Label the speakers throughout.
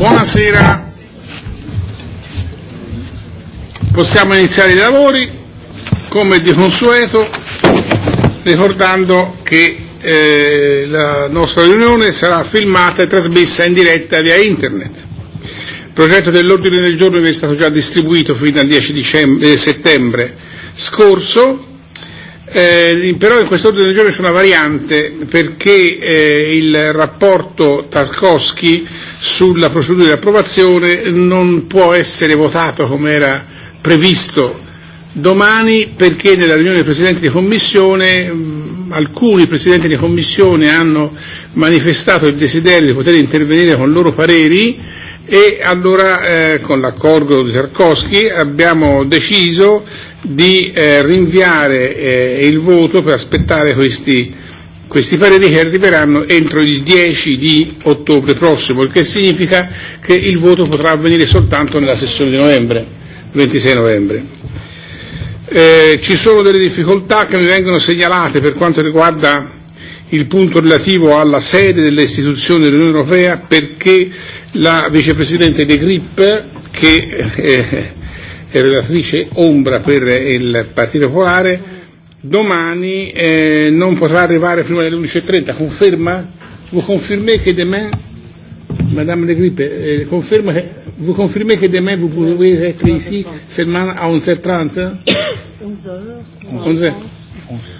Speaker 1: Buonasera. Possiamo iniziare i lavori come di consueto ricordando che eh, la nostra riunione sarà filmata e trasmessa in diretta via internet. Il progetto dell'ordine del giorno vi è stato già distribuito fino al 10 dicembre, eh, settembre scorso Eh, però in quest'ordine del giorno c'è una variante perché eh, il rapporto Tarkovsky sulla procedura di approvazione non può essere votato come era previsto domani perché nella riunione dei Presidenti di Commissione mh, alcuni Presidenti di Commissione hanno manifestato il desiderio di poter intervenire con loro pareri e allora eh, con l'accordo di Tarkovsky abbiamo deciso di eh, rinviare eh, il voto per aspettare questi, questi pareri che arriveranno entro il 10 di ottobre prossimo, il che significa che il voto potrà avvenire soltanto nella sessione di novembre, 26 novembre. Eh, ci sono delle difficoltà che mi vengono segnalate per quanto riguarda il punto relativo alla sede delle istituzioni dell'Unione Europea perché la vicepresidente De Grip che eh, relatrice ombra per il Partito Popolare, domani eh, non potrà arrivare prima delle 11.30, conferma? Vous confirmez che demain, Madame de Grippe, eh, conferma, vous confirmez que demain vous pouvez être ici seulement à 11h30 11h. 11h. 11h.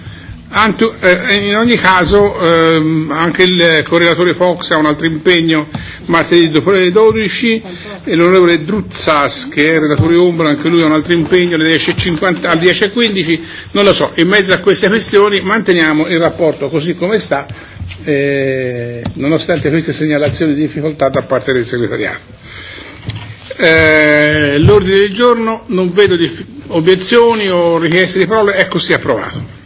Speaker 1: Anto, eh, in ogni caso eh, anche il correlatore Fox ha un altro impegno martedì dopo le 12 e l'onorevole Druzzas che è il relatore Ombra anche lui ha un altro impegno alle 10.15 alle 10 non lo so, in mezzo a queste questioni manteniamo il rapporto così come sta eh, nonostante queste segnalazioni di difficoltà da parte del segretariato. Eh, l'ordine del giorno non vedo obiezioni o richieste di parole, è così approvato.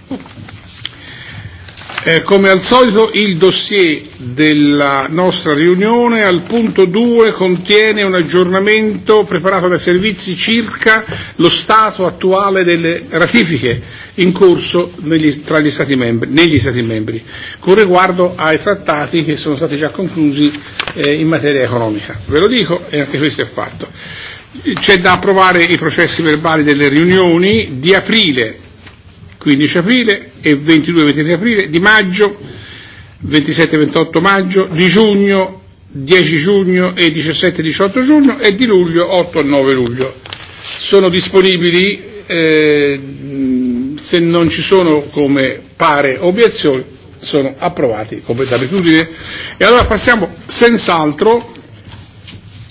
Speaker 1: Eh, come al solito il dossier della nostra riunione al punto 2 contiene un aggiornamento preparato dai servizi circa lo stato attuale delle ratifiche in corso negli, tra gli stati membri, negli Stati membri, con riguardo ai trattati che sono stati già conclusi eh, in materia economica. Ve lo dico e anche questo è fatto. C'è da approvare i processi verbali delle riunioni di aprile 15 aprile e 22-23 aprile, di maggio 27-28 maggio, di giugno 10 giugno e 17-18 giugno e di luglio 8 9 luglio. Sono disponibili, eh, se non ci sono come pare obiezioni, sono approvati come d'abitudine. E allora passiamo senz'altro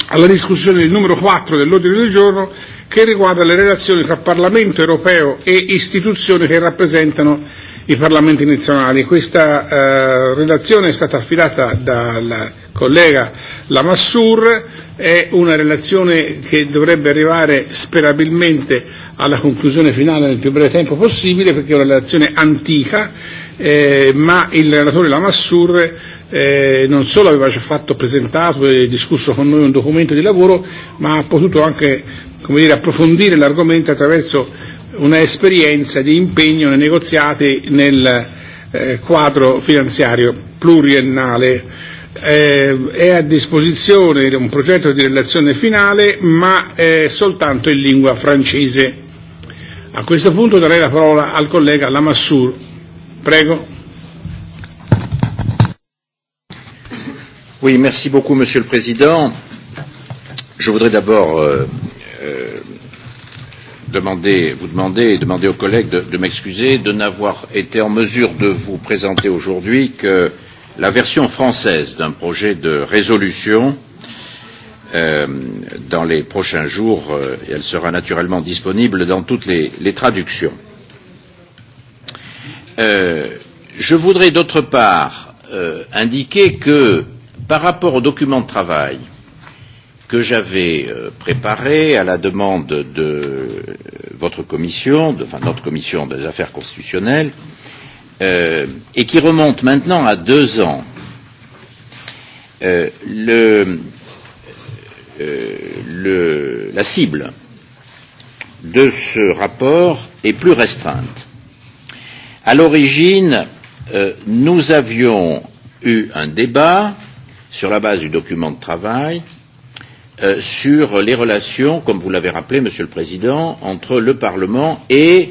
Speaker 1: alla discussione del numero 4 dell'ordine del giorno che riguarda le relazioni tra Parlamento europeo e istituzioni che rappresentano i Parlamenti nazionali. Questa eh, relazione è stata affidata dal collega Lamassur, è una relazione che dovrebbe arrivare sperabilmente alla conclusione finale nel più breve tempo possibile perché è una relazione antica, eh, ma il relatore Lamassur eh, non solo aveva già fatto presentato e discusso con noi un documento di lavoro, ma ha potuto anche come dire, approfondire l'argomento attraverso una esperienza di impegno nei negoziati nel quadro finanziario pluriennale. Eh, è a disposizione un progetto di relazione finale, ma è soltanto in lingua francese. A questo punto darei la parola al collega Lamassur.
Speaker 2: Prego. Oui, merci beaucoup, Monsieur le Président. Je voudrais d'abord euh, demander, vous demander et demander aux collègues de, de m'excuser de n'avoir été en mesure de vous présenter aujourd'hui que la version française d'un projet de résolution euh, dans les prochains jours euh, et elle sera naturellement disponible dans toutes les, les traductions. Euh, je voudrais d'autre part euh, indiquer que par rapport au document de travail euh, que j'avais préparé à la demande de votre commission, de, enfin notre commission des affaires constitutionnelles, euh, et qui remonte maintenant à deux ans. Euh, le, euh, le, la cible de ce rapport est plus restreinte. À l'origine, euh, nous avions eu un débat sur la base du document de travail euh, sur les relations, comme vous l'avez rappelé, Monsieur le Président, entre le Parlement et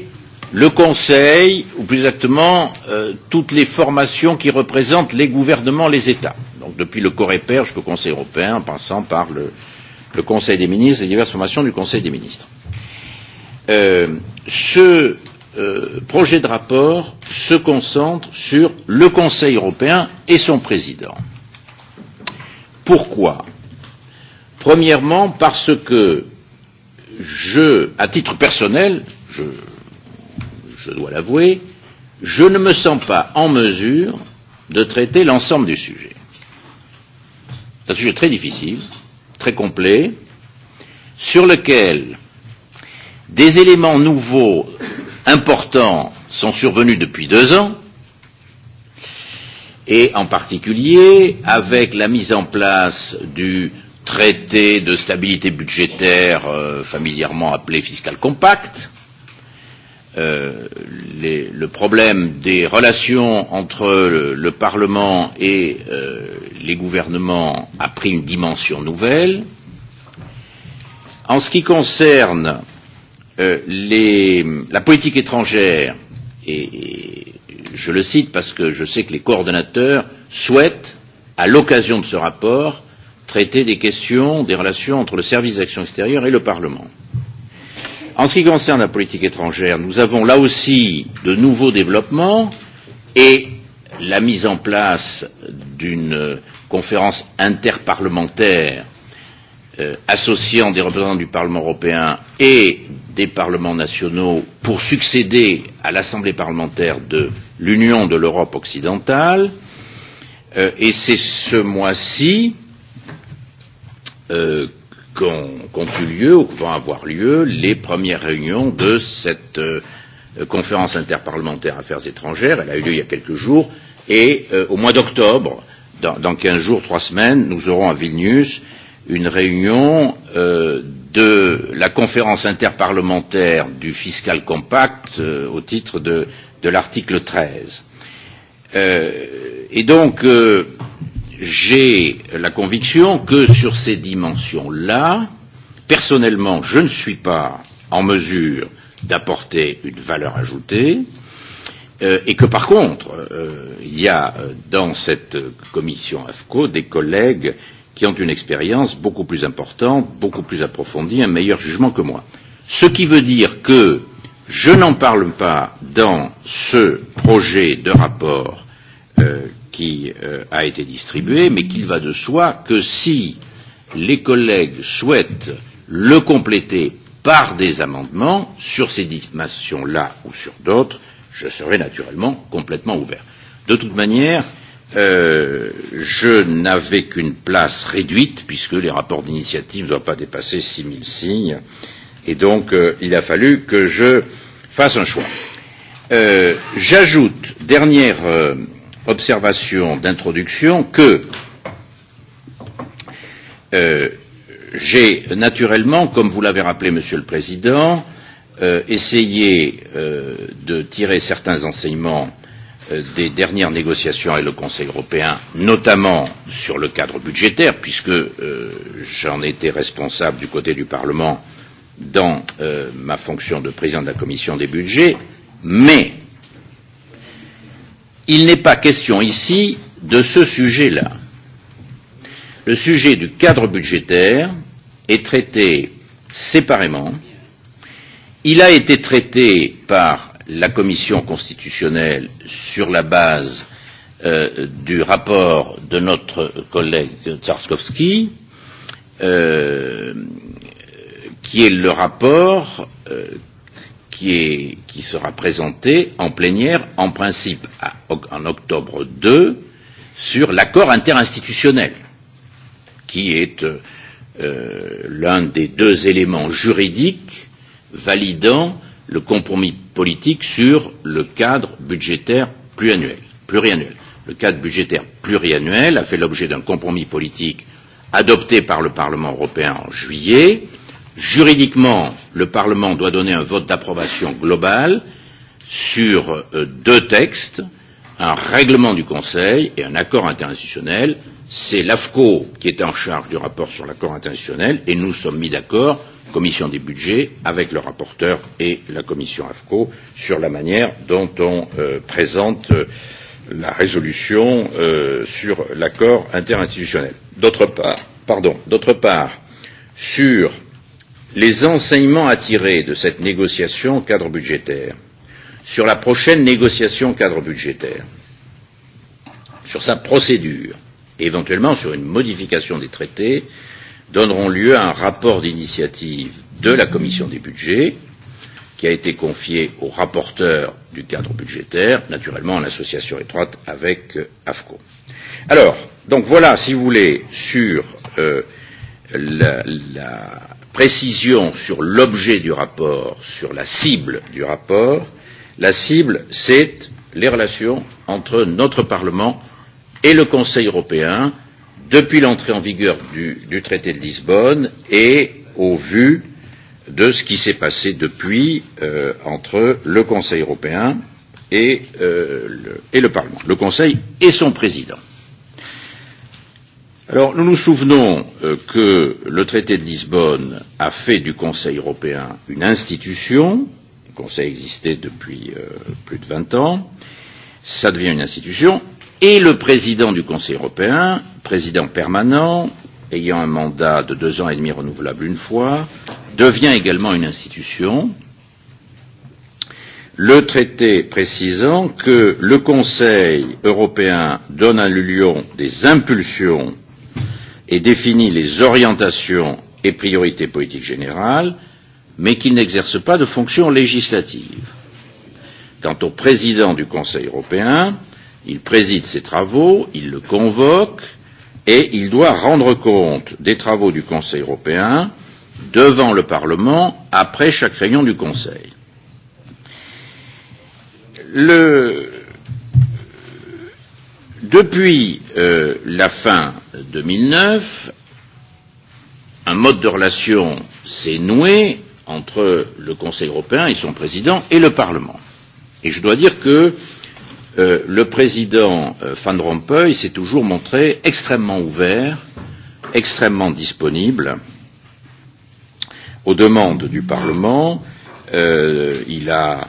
Speaker 2: le Conseil, ou plus exactement toutes les formations qui représentent les gouvernements, les États, donc depuis le Coreper jusqu'au Conseil européen, en passant par le, Conseil des ministres et diverses formations du Conseil des ministres. ce projet de rapport se concentre sur le Conseil européen et son président. Pourquoi Premièrement, parce que je, à titre personnel, je, je dois l'avouer, je ne me sens pas en mesure de traiter l'ensemble du sujet. C'est un sujet très difficile, très complet, sur lequel des éléments nouveaux importants sont survenus depuis deux ans, et en particulier avec la mise en place du traité de stabilité budgétaire euh, familièrement appelé fiscal compact, euh, les, le problème des relations entre le, le Parlement et euh, les gouvernements a pris une dimension nouvelle. En ce qui concerne euh, les, la politique étrangère, et, et je le cite parce que je sais que les coordonnateurs souhaitent, à l'occasion de ce rapport, traiter des questions des relations entre le service d'action extérieure et le Parlement. En ce qui concerne la politique étrangère, nous avons là aussi de nouveaux développements et la mise en place d'une conférence interparlementaire euh, associant des représentants du Parlement européen et des parlements nationaux pour succéder à l'Assemblée parlementaire de l'Union de l'Europe occidentale. Euh, et c'est ce mois-ci euh, qu'ont qu eu lieu ou que vont avoir lieu les premières réunions de cette euh, conférence interparlementaire Affaires étrangères. Elle a eu lieu il y a quelques jours et euh, au mois d'octobre, dans, dans 15 jours, 3 semaines, nous aurons à Vilnius une réunion euh, de la conférence interparlementaire du fiscal compact euh, au titre de, de l'article 13. Euh, et donc, euh, j'ai la conviction que sur ces dimensions-là, personnellement, je ne suis pas en mesure d'apporter une valeur ajoutée, euh, et que par contre, euh, il y a dans cette commission AFCO des collègues qui ont une expérience beaucoup plus importante, beaucoup plus approfondie, un meilleur jugement que moi. Ce qui veut dire que je n'en parle pas dans ce projet de rapport euh, qui euh, a été distribué, mais qu'il va de soi que si les collègues souhaitent le compléter par des amendements sur ces dimensions-là ou sur d'autres, je serai naturellement complètement ouvert. De toute manière, euh, je n'avais qu'une place réduite, puisque les rapports d'initiative ne doivent pas dépasser 6000 signes, et donc euh, il a fallu que je fasse un choix. Euh, J'ajoute, dernière euh, observation d'introduction que euh, j'ai naturellement, comme vous l'avez rappelé, Monsieur le Président, euh, essayé euh, de tirer certains enseignements des dernières négociations avec le Conseil européen, notamment sur le cadre budgétaire, puisque euh, j'en étais responsable du côté du Parlement dans euh, ma fonction de président de la Commission des budgets, mais Il n'est pas question ici de ce sujet-là. Le sujet du cadre budgétaire est traité séparément. Il a été traité par la Commission constitutionnelle sur la base euh, du rapport de notre collègue Tsarskovski, euh, qui est le rapport euh, qui, est, qui sera présenté en plénière, en principe à, en octobre 2, sur l'accord interinstitutionnel, qui est euh, l'un des deux éléments juridiques validant le compromis politique sur le cadre budgétaire pluriannuel. pluriannuel. Le cadre budgétaire pluriannuel a fait l'objet d'un compromis politique adopté par le Parlement européen en juillet, Juridiquement, le Parlement doit donner un vote d'approbation global sur deux textes, un règlement du Conseil et un accord interinstitutionnel. C'est l'AFCO qui est en charge du rapport sur l'accord interinstitutionnel et nous sommes mis d'accord, commission des budgets, avec le rapporteur et la commission AFCO sur la manière dont on euh, présente euh, la résolution euh, sur l'accord interinstitutionnel. D'autre part, pardon, d'autre part, sur les enseignements à tirer de cette négociation cadre budgétaire sur la prochaine négociation cadre budgétaire, sur sa procédure et éventuellement sur une modification des traités donneront lieu à un rapport d'initiative de la commission des budgets qui a été confié au rapporteur du cadre budgétaire, naturellement en association étroite avec AFCO. Alors, donc voilà, si vous voulez, sur euh, la, la, précision sur l'objet du rapport, sur la cible du rapport. La cible, c'est les relations entre notre Parlement et le Conseil européen depuis l'entrée en vigueur du, du traité de Lisbonne et au vu de ce qui s'est passé depuis euh, entre le Conseil européen et, euh, le, et le Parlement, le Conseil et son président. Alors, nous nous souvenons euh, que le traité de Lisbonne a fait du Conseil européen une institution. Le Conseil existait depuis euh, plus de 20 ans. Ça devient une institution. Et le président du Conseil européen, président permanent, ayant un mandat de deux ans et demi renouvelable une fois, devient également une institution. Le traité précisant que le Conseil européen donne à l'Union des impulsions et définit les orientations et priorités politiques générales, mais qu'il n'exerce pas de fonction législative. Quant au président du Conseil européen, il préside ses travaux, il le convoque et il doit rendre compte des travaux du Conseil européen devant le Parlement après chaque réunion du Conseil. Le... Depuis euh, la fin 2009, un mode de relation s'est noué entre le Conseil européen et son président et le Parlement. Et je dois dire que euh, le président euh, Van Rompuy s'est toujours montré extrêmement ouvert, extrêmement disponible aux demandes du Parlement. Euh, il a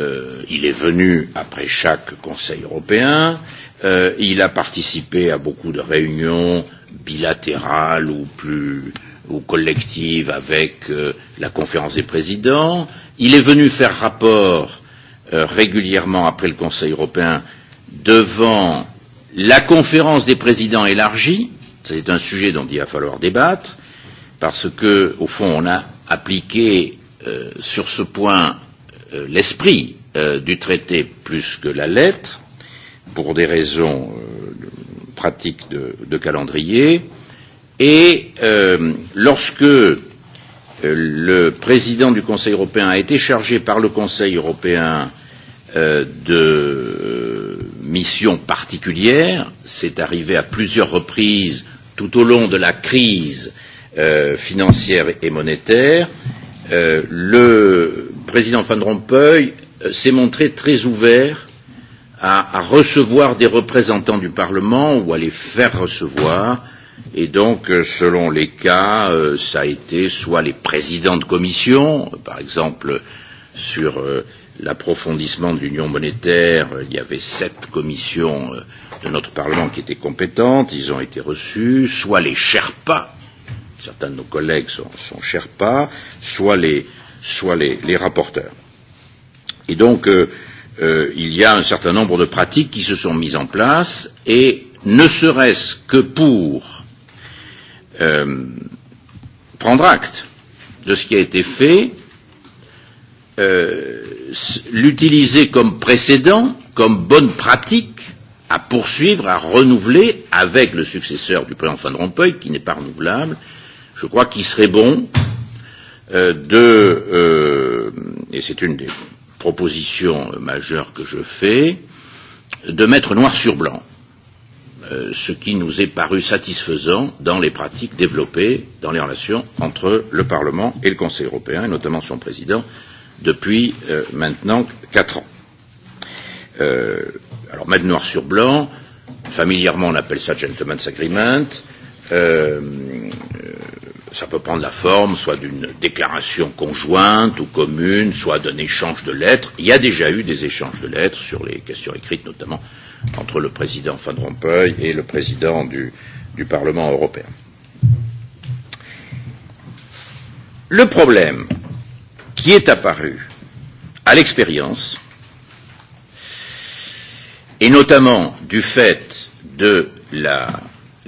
Speaker 2: euh, il est venu après chaque Conseil européen, euh, il a participé à beaucoup de réunions bilatérales ou plus ou collectives avec euh, la conférence des présidents, il est venu faire rapport euh, régulièrement après le Conseil européen devant la conférence des présidents élargie, c'est un sujet dont il va falloir débattre, parce que, au fond, on a appliqué euh, sur ce point l'esprit du traité plus que la lettre, pour des raisons pratiques de, de calendrier, et euh, lorsque le président du Conseil européen a été chargé par le Conseil européen euh, de missions particulières, c'est arrivé à plusieurs reprises tout au long de la crise euh, financière et monétaire, euh, le président Van Rompuy s'est montré très ouvert à, à recevoir des représentants du Parlement ou à les faire recevoir. Et donc, selon les cas, ça a été soit les présidents de commission, par exemple sur l'approfondissement de l'union monétaire, il y avait sept commissions de notre Parlement qui étaient compétentes, ils ont été reçus, soit les Sherpas, certains de nos collègues sont, sont Sherpas, soit les, euh, soient les, les rapporteurs. Et donc, euh, euh, il y a un certain nombre de pratiques qui se sont mises en place et ne serait-ce que pour euh, prendre acte de ce qui a été fait, euh, l'utiliser comme précédent, comme bonne pratique à poursuivre, à renouveler avec le successeur du président Van Rompuy, qui n'est pas renouvelable, je crois qu'il serait bon de et c'est une des propositions majeures que je fais de mettre noir sur blanc ce qui nous est paru satisfaisant dans les pratiques développées dans les relations entre le Parlement et le Conseil européen, et notamment son président, depuis euh, maintenant quatre ans. Euh, alors, mettre noir sur blanc, familièrement on appelle ça gentleman's agreement, euh, ça peut prendre la forme soit d'une déclaration conjointe ou commune, soit d'un échange de lettres. Il y a déjà eu des échanges de lettres sur les questions écrites, notamment entre le président Van Rompuy et le président du, du Parlement européen. Le problème qui est apparu à l'expérience, et notamment du fait de la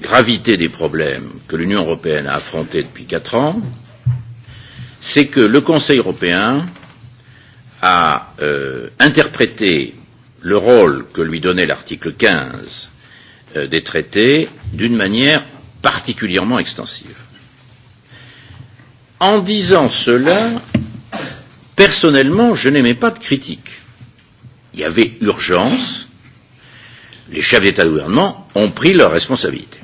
Speaker 2: gravité des problèmes que l'Union européenne a affrontés depuis quatre ans, c'est que le Conseil européen a euh, interprété le rôle que lui donnait l'article 15 euh, des traités d'une manière particulièrement extensive. En disant cela, personnellement, je n'aimais pas de critique. Il y avait urgence. Les chefs d'État et de gouvernement ont pris leurs responsabilités.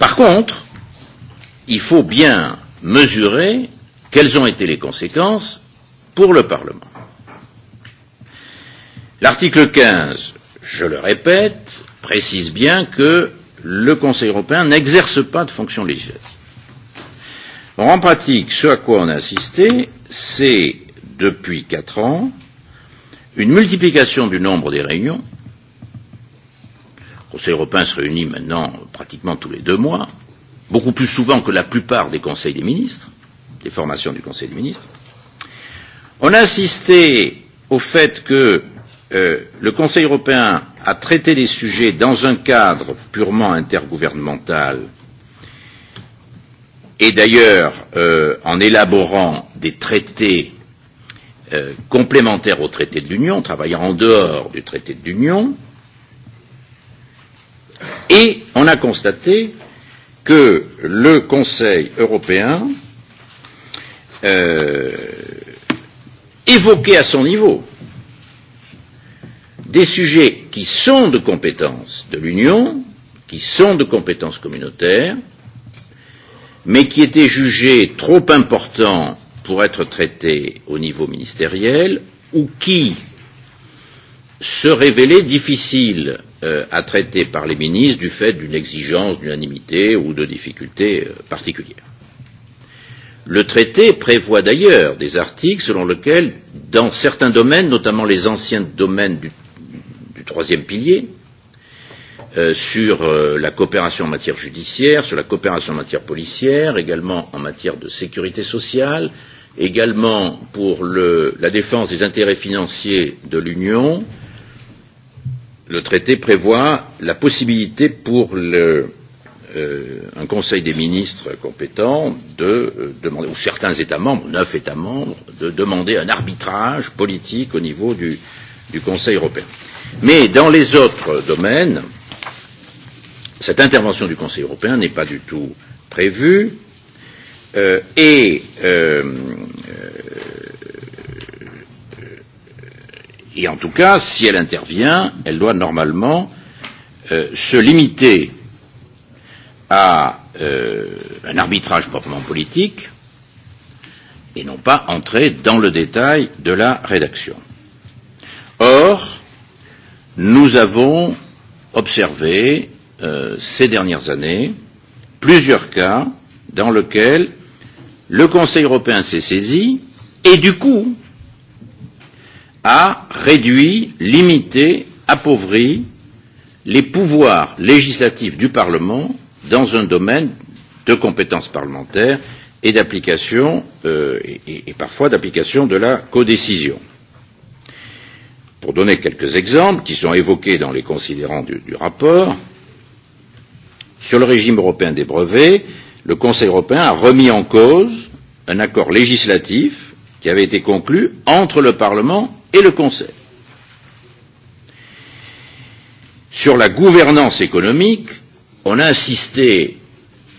Speaker 2: Par contre, il faut bien mesurer quelles ont été les conséquences pour le Parlement. L'article 15, je le répète, précise bien que le Conseil européen n'exerce pas de fonction législative. Or, en pratique, ce à quoi on a assisté, c'est, depuis quatre ans, une multiplication du nombre des réunions Conseil européen se réunit maintenant pratiquement tous les deux mois, beaucoup plus souvent que la plupart des conseils des ministres, des formations du Conseil des ministres. On a insisté au fait que euh, le Conseil européen a traité les sujets dans un cadre purement intergouvernemental et d'ailleurs euh, en élaborant des traités euh, complémentaires au traité de l'Union, travaillant en dehors du traité de l'Union, euh, Et on a constaté que le Conseil européen euh, évoquait à son niveau des sujets qui sont de compétence de l'Union, qui sont de compétence communautaire, mais qui étaient jugés trop importants pour être traités au niveau ministériel, ou qui, se révélait difficile euh, à traiter par les ministres du fait d'une exigence d'unanimité ou de difficultés euh, particulières. Le traité prévoit d'ailleurs des articles selon lesquels, dans certains domaines, notamment les anciens domaines du, du troisième pilier, euh, sur euh, la coopération en matière judiciaire, sur la coopération en matière policière, également en matière de sécurité sociale, également pour le, la défense des intérêts financiers de l'Union, euh, le traité prévoit la possibilité pour le, euh, un Conseil des ministres compétent de euh, demander, ou certains États membres, neuf États membres, de demander un arbitrage politique au niveau du, du Conseil européen. Mais dans les autres domaines, cette intervention du Conseil européen n'est pas du tout prévue euh, et euh, Et en tout cas, si elle intervient, elle doit normalement euh, se limiter à euh, un arbitrage proprement politique et non pas entrer dans le détail de la rédaction. Or, nous avons observé euh, ces dernières années plusieurs cas dans lesquels le Conseil européen s'est saisi et du coup a réduit, limité, appauvri les pouvoirs législatifs du Parlement dans un domaine de compétences parlementaires et d'application euh, et, et parfois d'application de la codécision. Pour donner quelques exemples qui sont évoqués dans les considérants du, du rapport, sur le régime européen des brevets, le Conseil européen a remis en cause un accord législatif qui avait été conclu entre le Parlement et le Conseil. Sur la gouvernance économique, on a insisté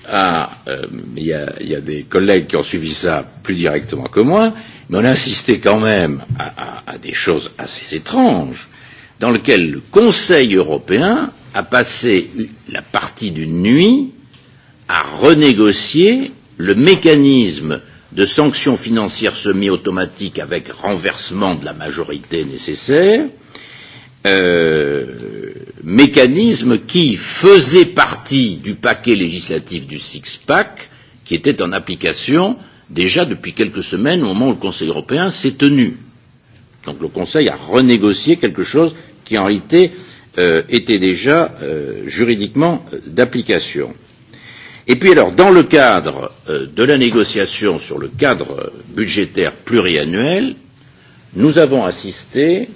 Speaker 2: à euh, il, y a, il y a des collègues qui ont suivi ça plus directement que moi, mais on a insisté quand même à, à, à des choses assez étranges, dans lesquelles le Conseil européen a passé la partie d'une nuit à renégocier le mécanisme de sanctions financières semi-automatiques avec renversement de la majorité nécessaire, euh, mécanisme qui faisait partie du paquet législatif du six-pack, qui était en application déjà depuis quelques semaines au moment où le Conseil européen s'est tenu. Donc le Conseil a renégocié quelque chose qui en réalité euh, était déjà euh, juridiquement d'application. Et puis alors, dans le cadre de la négociation sur le cadre budgétaire pluriannuel, nous avons assisté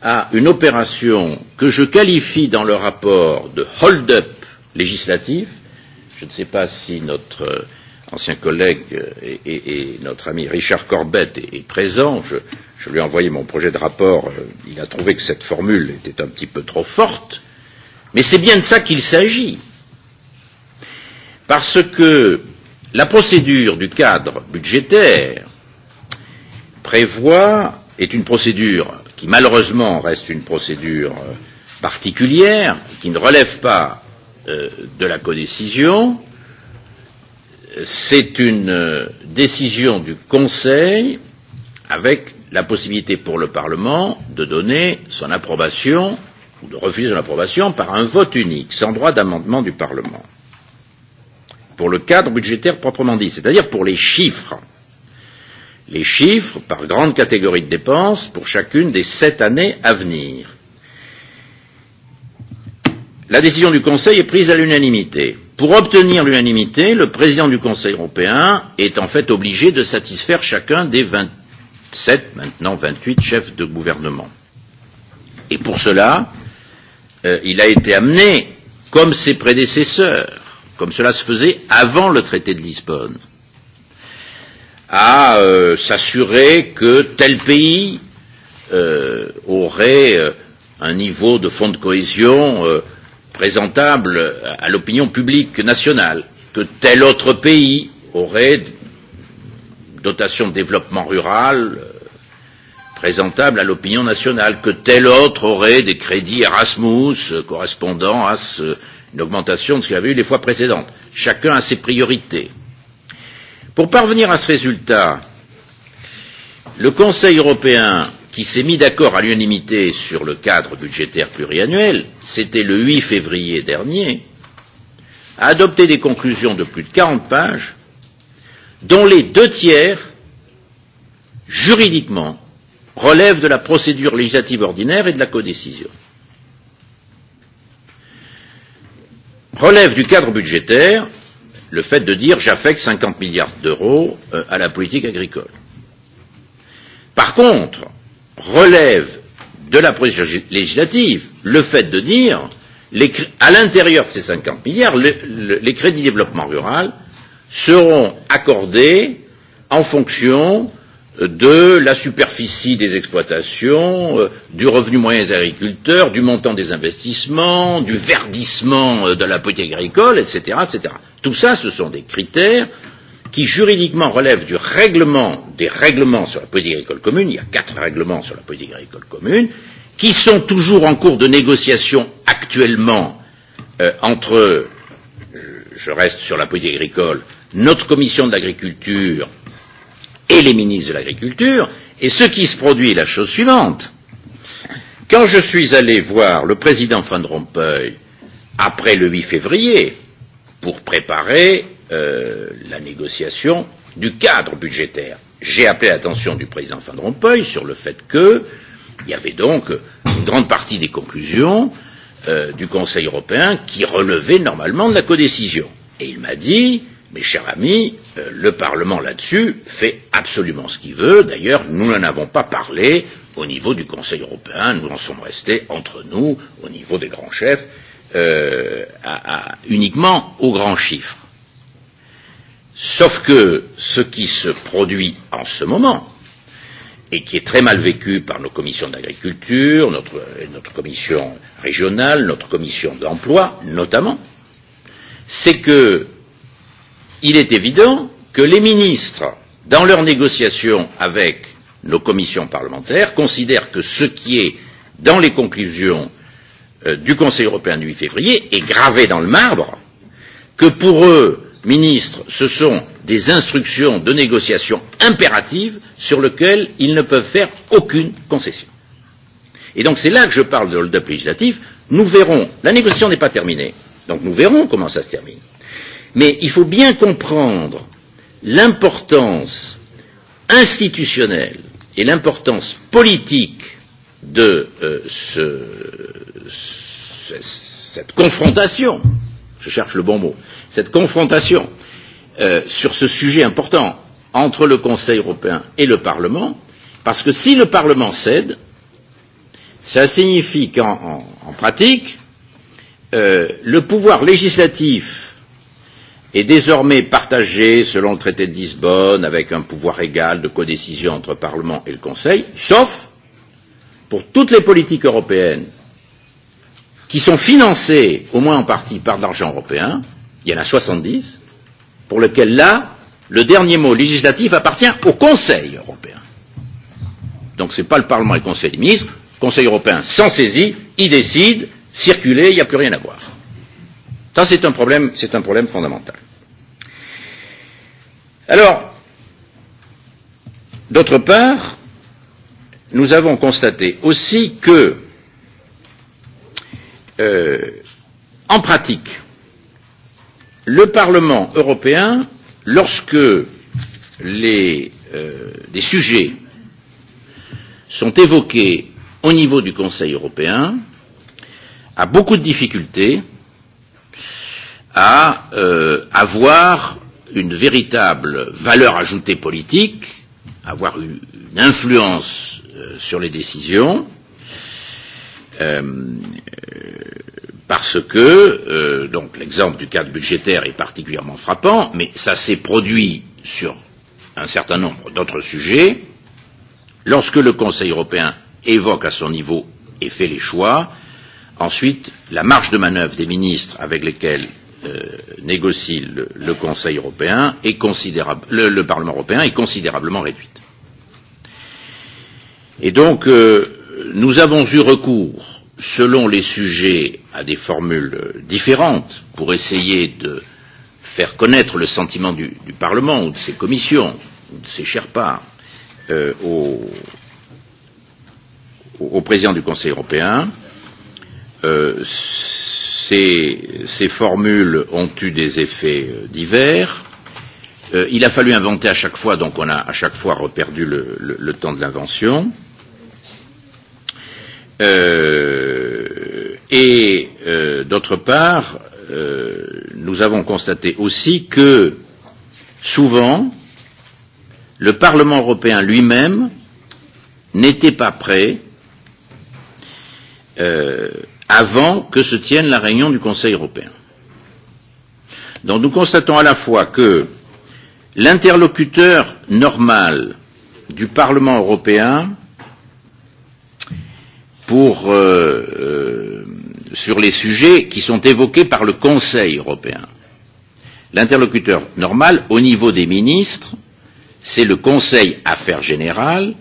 Speaker 2: à une opération que je qualifie dans le rapport de hold-up législatif. Je ne sais pas si notre ancien collègue et, et, et notre ami Richard Corbett est, est présent. Je, je lui ai envoyé mon projet de rapport. Il a trouvé que cette formule était un petit peu trop forte. Mais c'est bien de ça qu'il s'agit parce que la procédure du cadre budgétaire prévoit est une procédure qui malheureusement reste une procédure particulière, qui ne relève pas euh, de la codécision. C'est une décision du Conseil avec la possibilité pour le Parlement de donner son approbation ou de refuser son approbation par un vote unique, sans droit d'amendement du Parlement pour le cadre budgétaire proprement dit, c'est-à-dire pour les chiffres. Les chiffres par grande catégorie de dépenses pour chacune des sept années à venir. La décision du Conseil est prise à l'unanimité. Pour obtenir l'unanimité, le président du Conseil européen est en fait obligé de satisfaire chacun des 27, maintenant 28 chefs de gouvernement. Et pour cela, euh, il a été amené, comme ses prédécesseurs, comme cela se faisait avant le traité de Lisbonne, à euh, s'assurer que tel pays euh, aurait euh, un niveau de fonds de cohésion euh, présentable à l'opinion publique nationale, que tel autre pays aurait dotation de développement rural présentable à l'opinion nationale, que tel autre aurait des crédits Erasmus correspondant à ce, une augmentation de ce qu'il y avait eu les fois précédentes. Chacun a ses priorités. Pour parvenir à ce résultat, le Conseil européen, qui s'est mis d'accord à l'unanimité sur le cadre budgétaire pluriannuel, c'était le 8 février dernier, a adopté des conclusions de plus de 40 pages, dont les deux tiers, juridiquement, relèvent de la procédure législative ordinaire et de la codécision. relève du cadre budgétaire le fait de dire j'affecte 50 milliards d'euros à la politique agricole. Par contre, relève de la position législative le fait de dire les, à l'intérieur de ces 50 milliards, le, le, les crédits de développement rural seront accordés en fonction euh, de la superficie des exploitations, du revenu moyen des agriculteurs, du montant des investissements, du verdissement de la politique agricole, etc., etc. Tout ça, ce sont des critères qui juridiquement relèvent du règlement des règlements sur la politique agricole commune, il y a quatre règlements sur la politique agricole commune, qui sont toujours en cours de négociation actuellement euh, entre, je reste sur la politique agricole, notre commission de l'agriculture et les ministres de l'Agriculture, et ce qui se produit est la chose suivante. Quand je suis allé voir le président Van Rompuy après le 8 février pour préparer euh, la négociation du cadre budgétaire, j'ai appelé l'attention du président Van Rompuy sur le fait qu'il y avait donc une grande partie des conclusions euh, du Conseil européen qui relevaient normalement de la codécision. Et il m'a dit Mes chers amis, le Parlement là-dessus fait absolument ce qu'il veut. D'ailleurs, nous n'en avons pas parlé au niveau du Conseil européen. Nous en sommes restés entre nous, au niveau des grands chefs, euh, à, à, uniquement aux grands chiffres. Sauf que ce qui se produit en ce moment, et qui est très mal vécu par nos commissions d'agriculture, notre, notre commission régionale, notre commission d'emploi notamment, c'est que il est évident que les ministres, dans leurs négociations avec nos commissions parlementaires, considèrent que ce qui est dans les conclusions du Conseil européen du 8 février est gravé dans le marbre, que pour eux, ministres, ce sont des instructions de négociation impératives sur lesquelles ils ne peuvent faire aucune concession. Et donc c'est là que je parle de hold-up législatif. Nous verrons. La négociation n'est pas terminée. Donc nous verrons comment ça se termine. Mais il faut bien comprendre l'importance institutionnelle et l'importance politique de euh, ce, ce, cette confrontation, je cherche le bon mot, cette confrontation euh, sur ce sujet important entre le Conseil européen et le Parlement, parce que si le Parlement cède, ça signifie qu'en en, en pratique, euh, le pouvoir législatif est désormais partagé selon le traité de Lisbonne avec un pouvoir égal de codécision entre le Parlement et le Conseil, sauf pour toutes les politiques européennes qui sont financées au moins en partie par de l'argent européen, il y en a 70, pour lesquelles là, le dernier mot législatif appartient au Conseil européen. Donc ce n'est pas le Parlement et le Conseil des ministres, le Conseil européen s'en saisit, il décide, circuler, il n'y a plus rien à voir. Ça, c'est un problème, c'est un problème fondamental. Alors, d'autre part, nous avons constaté aussi que, euh, en pratique, le Parlement européen, lorsque les, euh, les sujets sont évoqués au niveau du Conseil européen, a beaucoup de difficultés à euh, avoir une véritable valeur ajoutée politique, avoir une influence euh, sur les décisions, euh, parce que euh, donc l'exemple du cadre budgétaire est particulièrement frappant, mais ça s'est produit sur un certain nombre d'autres sujets. Lorsque le Conseil européen évoque à son niveau et fait les choix, ensuite la marge de manœuvre des ministres avec lesquels négocie le, le Conseil européen est considérable, le, le Parlement européen est considérablement réduite. Et donc, euh, nous avons eu recours, selon les sujets, à des formules différentes pour essayer de faire connaître le sentiment du, du Parlement ou de ses commissions ou de ses Sherpas euh, au, au président du Conseil européen. Euh, ces, ces formules ont eu des effets divers. Euh, il a fallu inventer à chaque fois, donc on a à chaque fois reperdu le, le, le temps de l'invention. Euh, et euh, d'autre part, euh, nous avons constaté aussi que souvent, le Parlement européen lui-même n'était pas prêt euh, avant que se tienne la réunion du Conseil européen. Donc nous constatons à la fois que l'interlocuteur normal du Parlement européen pour, euh, euh, sur les sujets qui sont évoqués par le Conseil européen, l'interlocuteur normal au niveau des ministres, c'est le Conseil Affaires Générales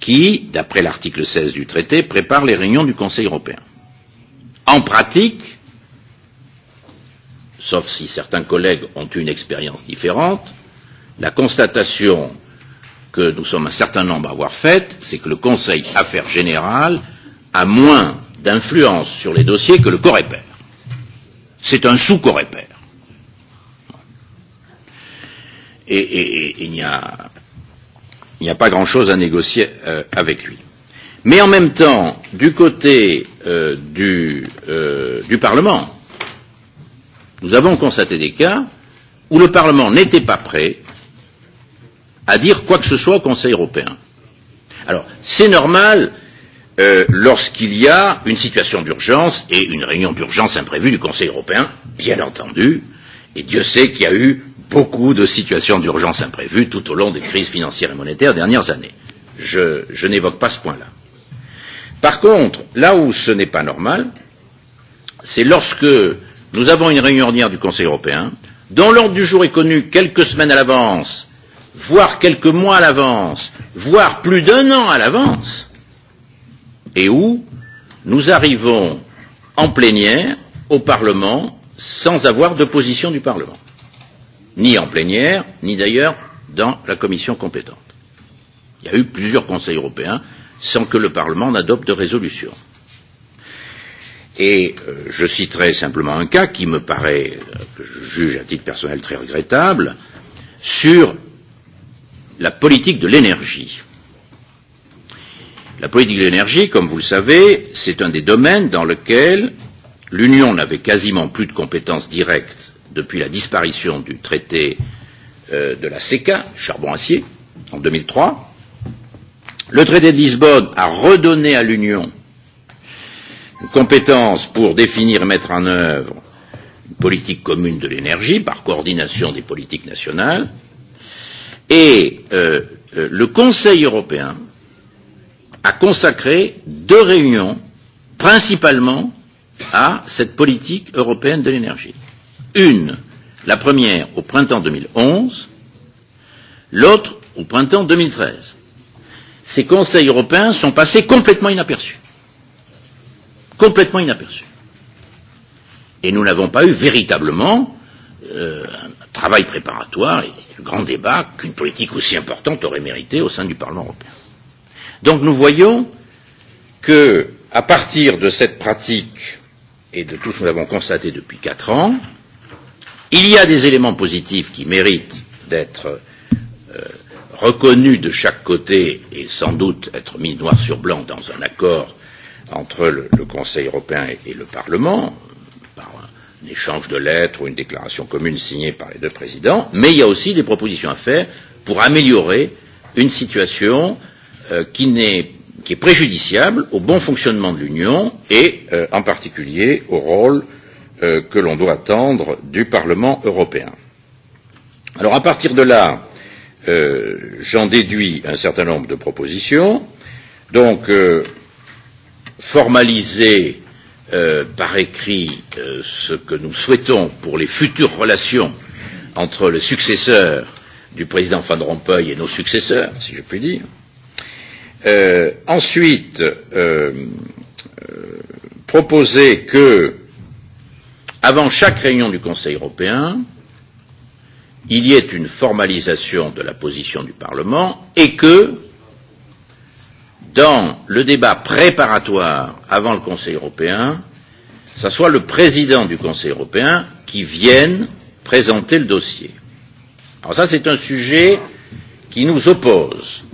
Speaker 2: qui, d'après l'article 16 du traité, prépare les réunions du Conseil européen. En pratique, sauf si certains collègues ont une expérience différente, la constatation que nous sommes un certain nombre à avoir faite, c'est que le Conseil Affaires Générales a moins d'influence sur les dossiers que le Corépère. C'est un sous-Corépère. Et, et, et il n'y a, a pas grand-chose à négocier euh, avec lui. Mais en même temps, du côté euh, du, euh, du Parlement, nous avons constaté des cas où le Parlement n'était pas prêt à dire quoi que ce soit au Conseil européen. Alors, c'est normal euh, lorsqu'il y a une situation d'urgence et une réunion d'urgence imprévue du Conseil européen, bien entendu, et Dieu sait qu'il y a eu beaucoup de situations d'urgence imprévues tout au long des crises financières et monétaires des dernières années. Je, je n'évoque pas ce point-là. Par contre, là où ce n'est pas normal, c'est lorsque nous avons une réunion ordinaire du Conseil européen, dont l'ordre du jour est connu quelques semaines à l'avance, voire quelques mois à l'avance, voire plus d'un an à l'avance, et où nous arrivons en plénière au Parlement sans avoir de position du Parlement, ni en plénière, ni d'ailleurs dans la commission compétente. Il y a eu plusieurs conseils européens sans que le Parlement n'adopte de résolution. Et je citerai simplement un cas qui me paraît, que je juge à titre personnel très regrettable, sur la politique de l'énergie. La politique de l'énergie, comme vous le savez, c'est un des domaines dans lequel l'Union n'avait quasiment plus de compétences directes depuis la disparition du traité euh, de la CECA, charbon-acier, en 2003, Le traité de Lisbonne a redonné à l'Union une compétence pour définir et mettre en œuvre une politique commune de l'énergie par coordination des politiques nationales. Et euh, le Conseil européen a consacré deux réunions principalement à cette politique européenne de l'énergie. Une, la première au printemps 2011, l'autre au printemps 2013 ces conseils européens sont passés complètement inaperçus. Complètement inaperçus. Et nous n'avons pas eu véritablement euh, un travail préparatoire et un grand débat qu'une politique aussi importante aurait mérité au sein du Parlement européen. Donc nous voyons que, à partir de cette pratique et de tout ce que nous avons constaté depuis quatre ans, il y a des éléments positifs qui méritent d'être euh, reconnu de chaque côté et sans doute être mis noir sur blanc dans un accord entre le, le Conseil européen et, et le Parlement, par un échange de lettres ou une déclaration commune signée par les deux présidents, mais il y a aussi des propositions à faire pour améliorer une situation euh, qui, n'est, qui est préjudiciable au bon fonctionnement de l'Union et euh, en particulier au rôle euh, que l'on doit attendre du Parlement européen. Alors à partir de là, j'en déduis un certain nombre de propositions. Donc, euh, formaliser euh, par écrit euh, ce que nous souhaitons pour les futures relations entre le successeur du président Van Rompuy et nos successeurs, si je puis dire. Euh, ensuite, euh, euh, proposer que, avant chaque réunion du Conseil européen, euh, il y ait une formalisation de la position du Parlement et que, dans le débat préparatoire avant le Conseil européen, ce soit le président du Conseil européen qui vienne présenter le dossier. Alors ça, c'est un sujet qui nous oppose,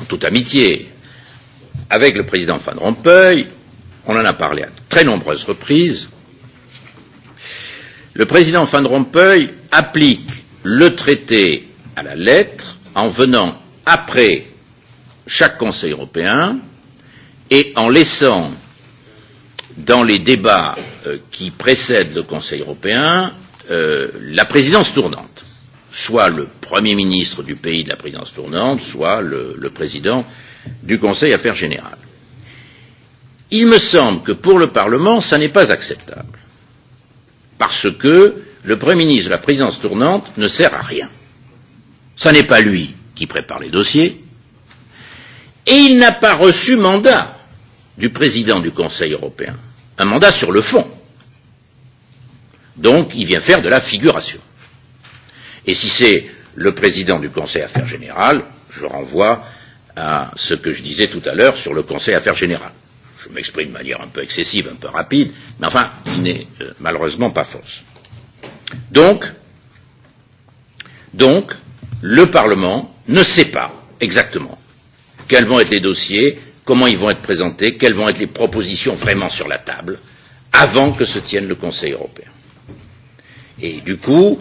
Speaker 2: en toute amitié, avec le président Van Rompuy, on en a parlé à très nombreuses reprises. Le président Van Rompuy applique le traité à la lettre en venant après chaque Conseil européen et en laissant dans les débats euh, qui précèdent le Conseil européen euh, la présidence tournante, soit le Premier ministre du pays de la présidence tournante, soit le, le président du Conseil Affaires générales. Il me semble que pour le Parlement, ça n'est pas acceptable, parce que le Premier ministre de la présidence tournante ne sert à rien. Ce n'est pas lui qui prépare les dossiers, et il n'a pas reçu mandat du président du Conseil européen, un mandat sur le fond. Donc, il vient faire de la figuration. Et si c'est le président du Conseil Affaires Générales, je renvoie à ce que je disais tout à l'heure sur le Conseil Affaires Générales. Je m'exprime de manière un peu excessive, un peu rapide, mais enfin, il n'est malheureusement pas fausse. Donc, donc, le Parlement ne sait pas exactement quels vont être les dossiers, comment ils vont être présentés, quelles vont être les propositions vraiment sur la table, avant que se tienne le Conseil européen. Et du coup,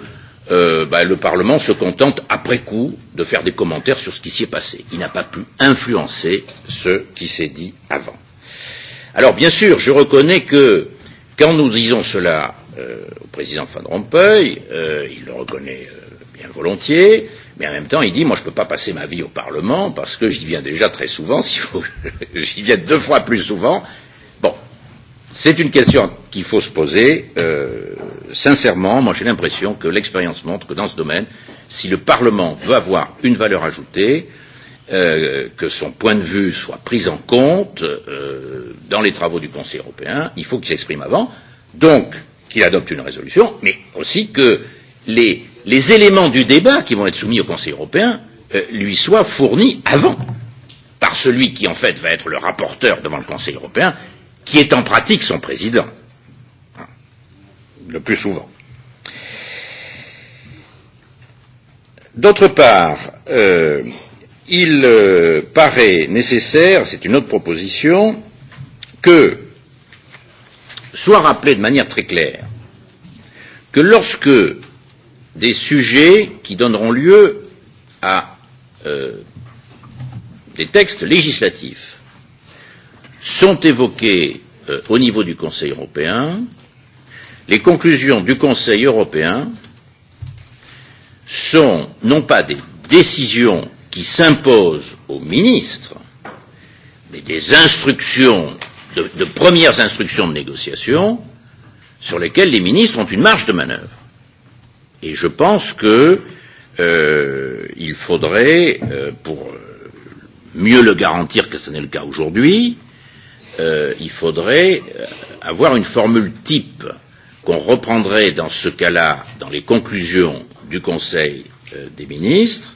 Speaker 2: euh, bah, le Parlement se contente, après coup, de faire des commentaires sur ce qui s'y est passé. Il n'a pas pu influencer ce qui s'est dit avant. Alors, bien sûr, je reconnais que Quand nous disons cela euh, au président Van Rompuy, euh, il le reconnaît euh, bien volontiers, mais en même temps, il dit, moi, je ne peux pas passer ma vie au Parlement parce que j'y viens déjà très souvent, si vous... j'y viens deux fois plus souvent. Bon, c'est une question qu'il faut se poser. Euh, sincèrement, moi, j'ai l'impression que l'expérience montre que dans ce domaine, si le Parlement veut avoir une valeur ajoutée, euh, que son point de vue soit pris en compte euh, dans les travaux du Conseil européen, il faut qu'il s'exprime avant, donc qu'il adopte une résolution, mais aussi que les, les éléments du débat qui vont être soumis au Conseil européen euh, lui soient fournis avant par celui qui en fait va être le rapporteur devant le Conseil européen, qui est en pratique son président, le plus souvent. D'autre part, euh, il paraît nécessaire, c'est une autre proposition, que soit rappelé de manière très claire que lorsque des sujets qui donneront lieu à euh, des textes législatifs sont évoqués euh, au niveau du Conseil européen, les conclusions du Conseil européen sont non pas des décisions qui s'impose aux ministres, mais des instructions, de, de premières instructions de négociation, sur lesquelles les ministres ont une marge de manœuvre. Et je pense que euh, il faudrait, euh, pour mieux le garantir que ce n'est le cas aujourd'hui, euh, il faudrait avoir une formule type qu'on reprendrait dans ce cas-là dans les conclusions du Conseil euh, des ministres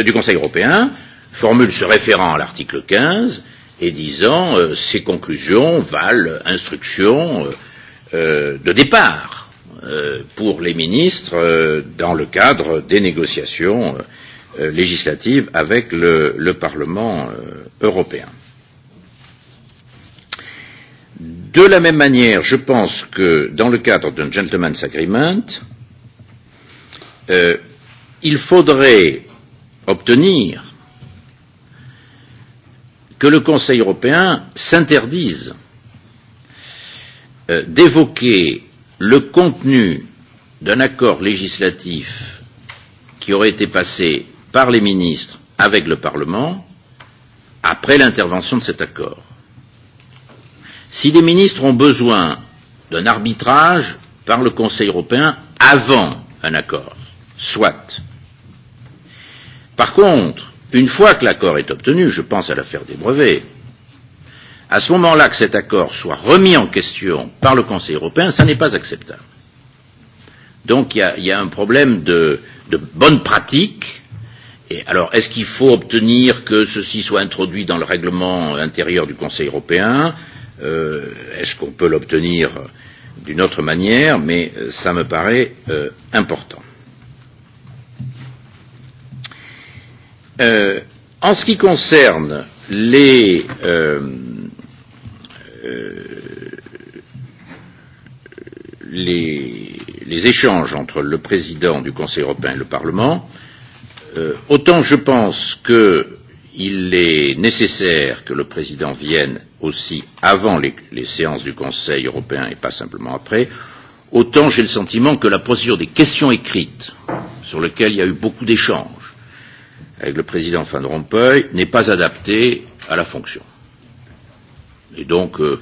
Speaker 2: du Conseil européen formule se référent à l'article 15 et disant euh, ces conclusions valent instruction euh, de départ euh, pour les ministres euh, dans le cadre des négociations euh, législatives avec le, le Parlement euh, européen. De la même manière, je pense que dans le cadre d'un gentleman's agreement, euh, il faudrait obtenir que le Conseil européen s'interdise d'évoquer le contenu d'un accord législatif qui aurait été passé par les ministres avec le Parlement après l'intervention de cet accord. Si les ministres ont besoin d'un arbitrage par le Conseil européen avant un accord, soit. Par contre, une fois que l'accord est obtenu, je pense à l'affaire des brevets, à ce moment-là que cet accord soit remis en question par le Conseil européen, ça n'est pas acceptable. Donc il y a, il y a un problème de, de bonne pratique. Et alors, est-ce qu'il faut obtenir que ceci soit introduit dans le règlement intérieur du Conseil européen euh, Est-ce qu'on peut l'obtenir d'une autre manière Mais ça me paraît euh, important. Euh, en ce qui concerne les, euh, euh, les, les échanges entre le président du Conseil européen et le Parlement, euh, autant je pense qu'il est nécessaire que le président vienne aussi avant les, les séances du Conseil européen et pas simplement après, autant j'ai le sentiment que la procédure des questions écrites, sur lesquelles il y a eu beaucoup d'échanges, avec le président Van Rompuy n'est pas adapté à la fonction. Et donc, euh,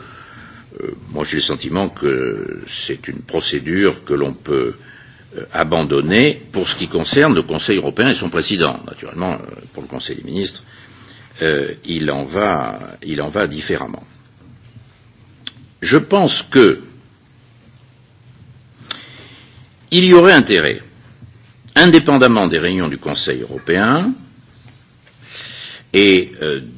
Speaker 2: euh, moi j'ai le sentiment que c'est une procédure que l'on peut euh, abandonner pour ce qui concerne le Conseil européen et son président. Naturellement, pour le Conseil des ministres, euh, il, en va, il en va différemment. Je pense que il y aurait intérêt, indépendamment des réunions du Conseil européen, et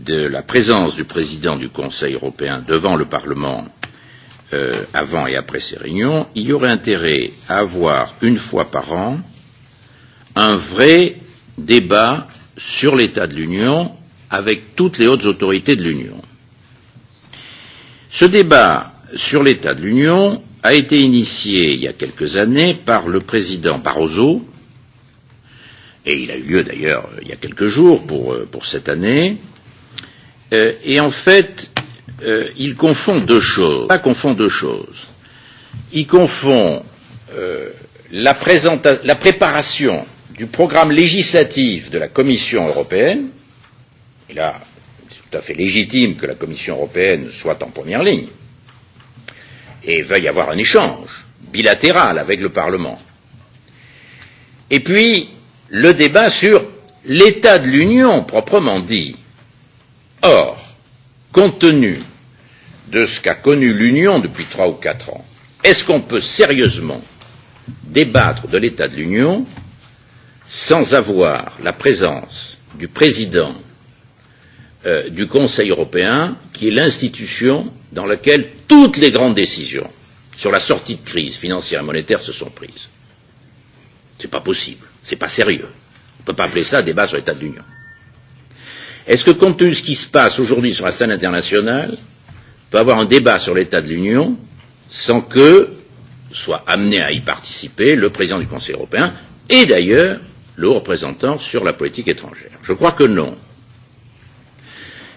Speaker 2: de la présence du président du Conseil européen devant le Parlement euh, avant et après ces réunions, il y aurait intérêt à avoir une fois par an un vrai débat sur l'état de l'Union avec toutes les hautes autorités de l'Union. Ce débat sur l'état de l'Union a été initié il y a quelques années par le président Barroso et il a eu lieu d'ailleurs il y a quelques jours pour, pour cette année. Euh, et en fait, euh, il confond deux choses. Il confond deux choses. Il confond euh, la, la préparation du programme législatif de la Commission européenne. Et là, c'est tout à fait légitime que la Commission européenne soit en première ligne et veuille avoir un échange bilatéral avec le Parlement. Et puis, le débat sur l'état de l'Union proprement dit. Or, compte tenu de ce qu'a connu l'Union depuis trois ou quatre ans, est-ce qu'on peut sérieusement débattre de l'état de l'Union sans avoir la présence du président euh, du Conseil européen, qui est l'institution dans laquelle toutes les grandes décisions sur la sortie de crise financière et monétaire se sont prises. Ce n'est pas possible. C'est pas sérieux. On ne peut pas appeler ça un débat sur l'état de l'Union. Est-ce que compte tenu de ce qui se passe aujourd'hui sur la scène internationale, on peut avoir un débat sur l'état de l'Union sans que soit amené à y participer le président du Conseil européen et d'ailleurs le représentant sur la politique étrangère Je crois que non.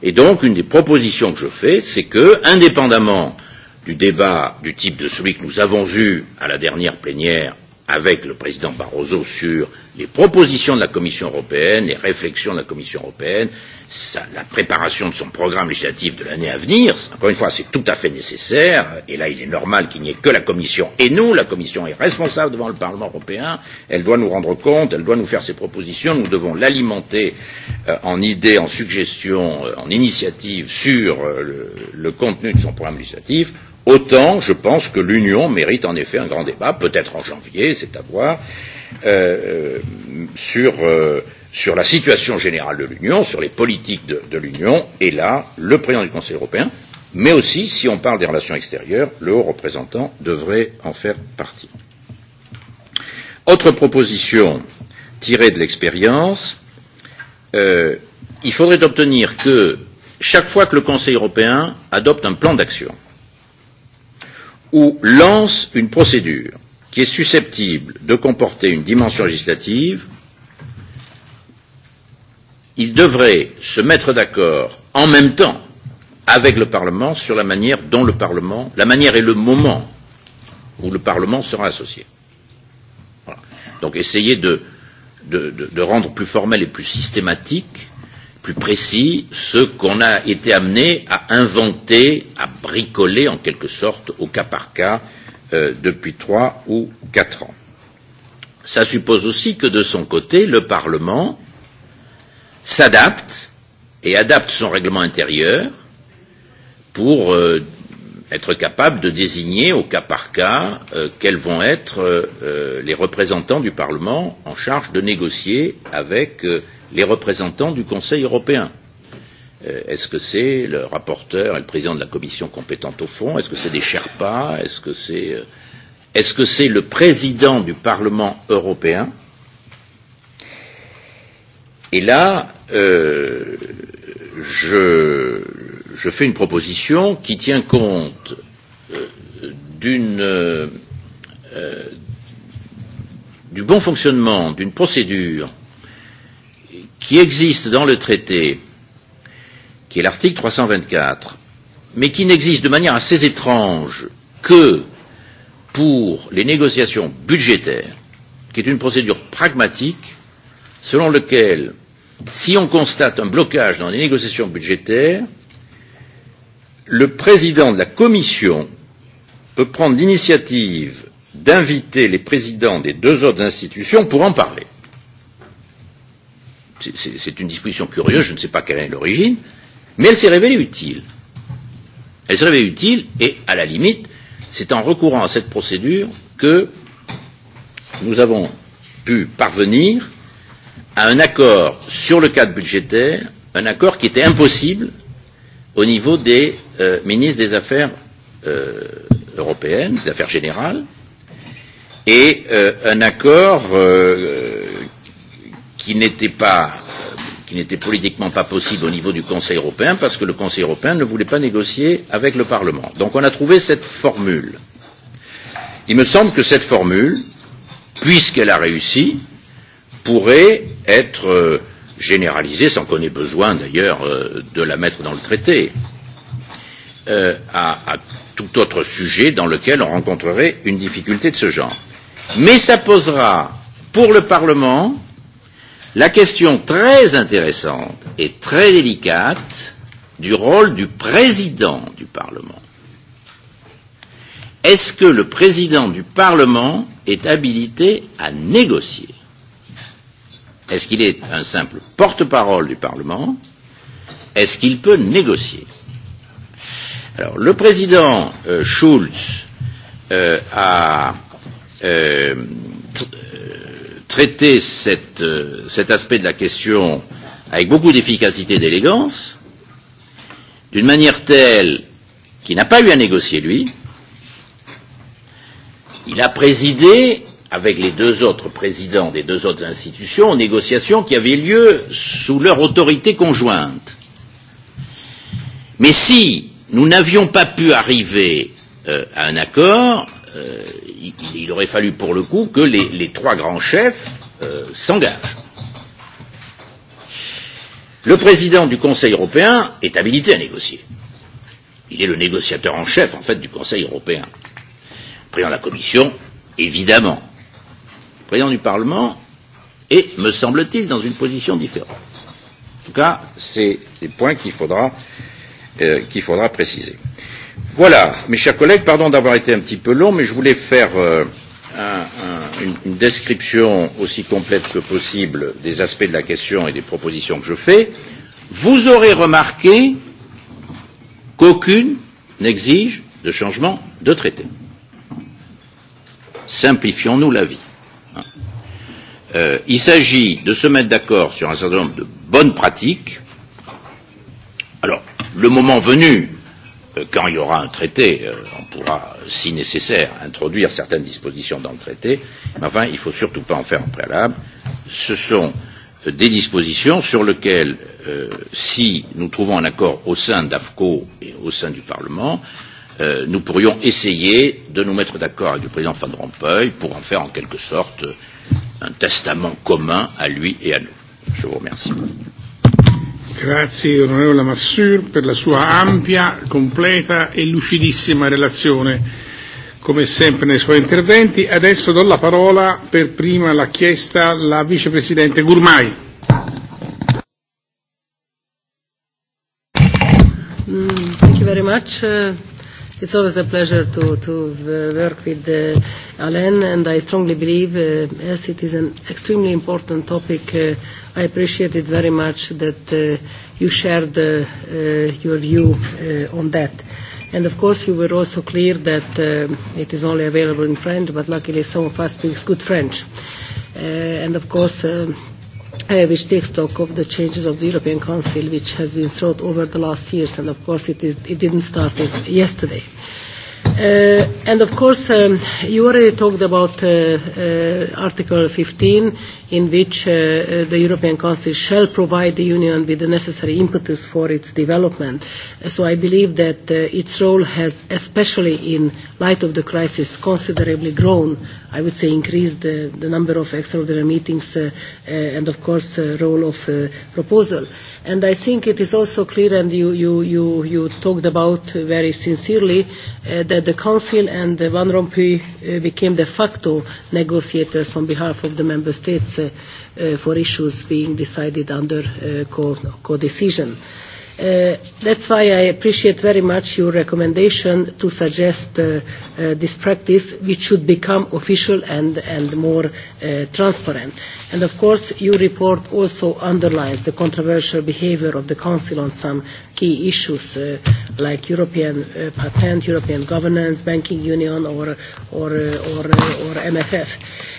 Speaker 2: Et donc, une des propositions que je fais, c'est que, indépendamment du débat du type de celui que nous avons eu à la dernière plénière avec le président Barroso sur les propositions de la Commission européenne, les réflexions de la Commission européenne, sa, la préparation de son programme législatif de l'année à venir. Encore une fois, c'est tout à fait nécessaire, et là il est normal qu'il n'y ait que la Commission et nous. La Commission est responsable devant le Parlement européen, elle doit nous rendre compte, elle doit nous faire ses propositions, nous devons l'alimenter euh, en idées, en suggestions, euh, en initiatives sur euh, le, le contenu de son programme législatif. Autant, je pense que l'Union mérite en effet un grand débat, peut-être en janvier, c'est à voir, euh, sur, euh, sur la situation générale de l'Union, sur les politiques de, de l'Union, et là, le président du Conseil européen, mais aussi, si on parle des relations extérieures, le haut représentant devrait en faire partie. Autre proposition tirée de l'expérience, euh, il faudrait obtenir que chaque fois que le Conseil européen adopte un plan d'action, ou lance une procédure qui est susceptible de comporter une dimension législative, il devrait se mettre d'accord en même temps avec le Parlement sur la manière dont le Parlement, la manière et le moment où le Parlement sera associé. Voilà. Donc essayer de, de, de, de rendre plus formel et plus systématique plus précis ce qu'on a été amené à inventer, à bricoler en quelque sorte au cas par cas euh, depuis trois ou quatre ans. Ça suppose aussi que de son côté, le Parlement s'adapte et adapte son règlement intérieur pour euh, être capable de désigner au cas par cas euh, quels vont être euh, les représentants du Parlement en charge de négocier avec euh, les représentants du Conseil européen. Est-ce que c'est le rapporteur et le président de la commission compétente au fond Est-ce que c'est des Sherpas Est-ce que c'est est -ce que c'est le président du Parlement européen Et là, euh, je, je fais une proposition qui tient compte euh, d'une euh, du bon fonctionnement d'une procédure qui existe dans le traité, qui est l'article 324, mais qui n'existe de manière assez étrange que pour les négociations budgétaires, qui est une procédure pragmatique selon laquelle, si on constate un blocage dans les négociations budgétaires, le président de la Commission peut prendre l'initiative d'inviter les présidents des deux autres institutions pour en parler c'est une disposition curieuse, je ne sais pas quelle est l'origine, mais elle s'est révélée utile. Elle s'est révélée utile et, à la limite, c'est en recourant à cette procédure que nous avons pu parvenir à un accord sur le cadre budgétaire, un accord qui était impossible au niveau des euh, ministres des Affaires euh, européennes, des Affaires générales, et euh, un accord euh, qui n'était pas qui n'était politiquement pas possible au niveau du Conseil européen parce que le Conseil européen ne voulait pas négocier avec le Parlement. Donc on a trouvé cette formule. Il me semble que cette formule, puisqu'elle a réussi, pourrait être généralisée, sans qu'on ait besoin d'ailleurs de la mettre dans le traité, à, à tout autre sujet dans lequel on rencontrerait une difficulté de ce genre. Mais ça posera pour le Parlement la question très intéressante et très délicate du rôle du président du Parlement. Est-ce que le président du Parlement est habilité à négocier Est-ce qu'il est un simple porte-parole du Parlement Est-ce qu'il peut négocier Alors, le président euh, Schulz euh, a euh, traiter cette, euh, cet aspect de la question avec beaucoup d'efficacité et d'élégance, d'une manière telle qu'il n'a pas eu à négocier lui. Il a présidé, avec les deux autres présidents des deux autres institutions, aux négociations qui avaient lieu sous leur autorité conjointe. Mais si nous n'avions pas pu arriver euh, à un accord, euh, il, il aurait fallu pour le coup que les, les trois grands chefs euh, s'engagent. Le président du Conseil européen est habilité à négocier. Il est le négociateur en chef, en fait, du Conseil européen. Le président de la Commission, évidemment. Le président du Parlement est, me semble-t-il, dans une position différente. En tout cas, c'est des points qu'il faudra, euh, qu'il faudra préciser. Voilà, mes chers collègues, pardon d'avoir été un petit peu long, mais je voulais faire euh, un, un, une, une description aussi complète que possible des aspects de la question et des propositions que je fais. Vous aurez remarqué qu'aucune n'exige de changement de traité. Simplifions-nous la vie. Euh, il s'agit de se mettre d'accord sur un certain nombre de bonnes pratiques. Alors, le moment venu, quand il y aura un traité, on pourra, si nécessaire, introduire certaines dispositions dans le traité, mais enfin, il ne faut surtout pas en faire un préalable. Ce sont des dispositions sur lesquelles, si nous trouvons un accord au sein d'AFCO et au sein du Parlement, nous pourrions essayer de nous mettre d'accord avec le président Van Rompuy pour en faire en quelque sorte un testament commun à lui et à nous. Je vous remercie.
Speaker 1: Grazie onorevole Massur per la sua ampia, completa e lucidissima relazione come sempre nei suoi interventi. Adesso do la parola per prima la chiesta la vicepresidente Gurmai.
Speaker 3: Mm, It's always a pleasure to, to work with uh, Alain, and I strongly believe, uh, as it is an extremely important topic, uh, I appreciate it very much that uh, you shared uh, uh, your view uh, on that. And of course, you were also clear that uh, it is only available in French, but luckily some of us speak good French. Uh, and of course, uh, uh, which takes stock of the changes of the European Council, which has been sought over the last years, and of course it, is, it didn't start yesterday. Uh, and of course, um, you already talked about uh, uh, Article 15, in which uh, uh, the European Council shall provide the Union with the necessary impetus for its development. So I believe that uh, its role has, especially in light of the crisis, considerably grown. I would say increased the, the number of extraordinary meetings uh, uh, and, of course, uh, role of uh, proposal. And I think it is also clear, and you, you, you, you talked about very sincerely, uh, that the Council and uh, Van Rompuy uh, became de facto negotiators on behalf of the Member States uh, uh, for issues being decided under uh, co-decision. Co Uh, that's why I appreciate very much your recommendation to suggest uh, uh, this practice, which should become official and, and more uh, transparent. And of course, your report also underlines the controversial behavior of the Council on some key issues uh, like European uh, patent, European governance, banking union, or, or, uh, or, uh, or MFF.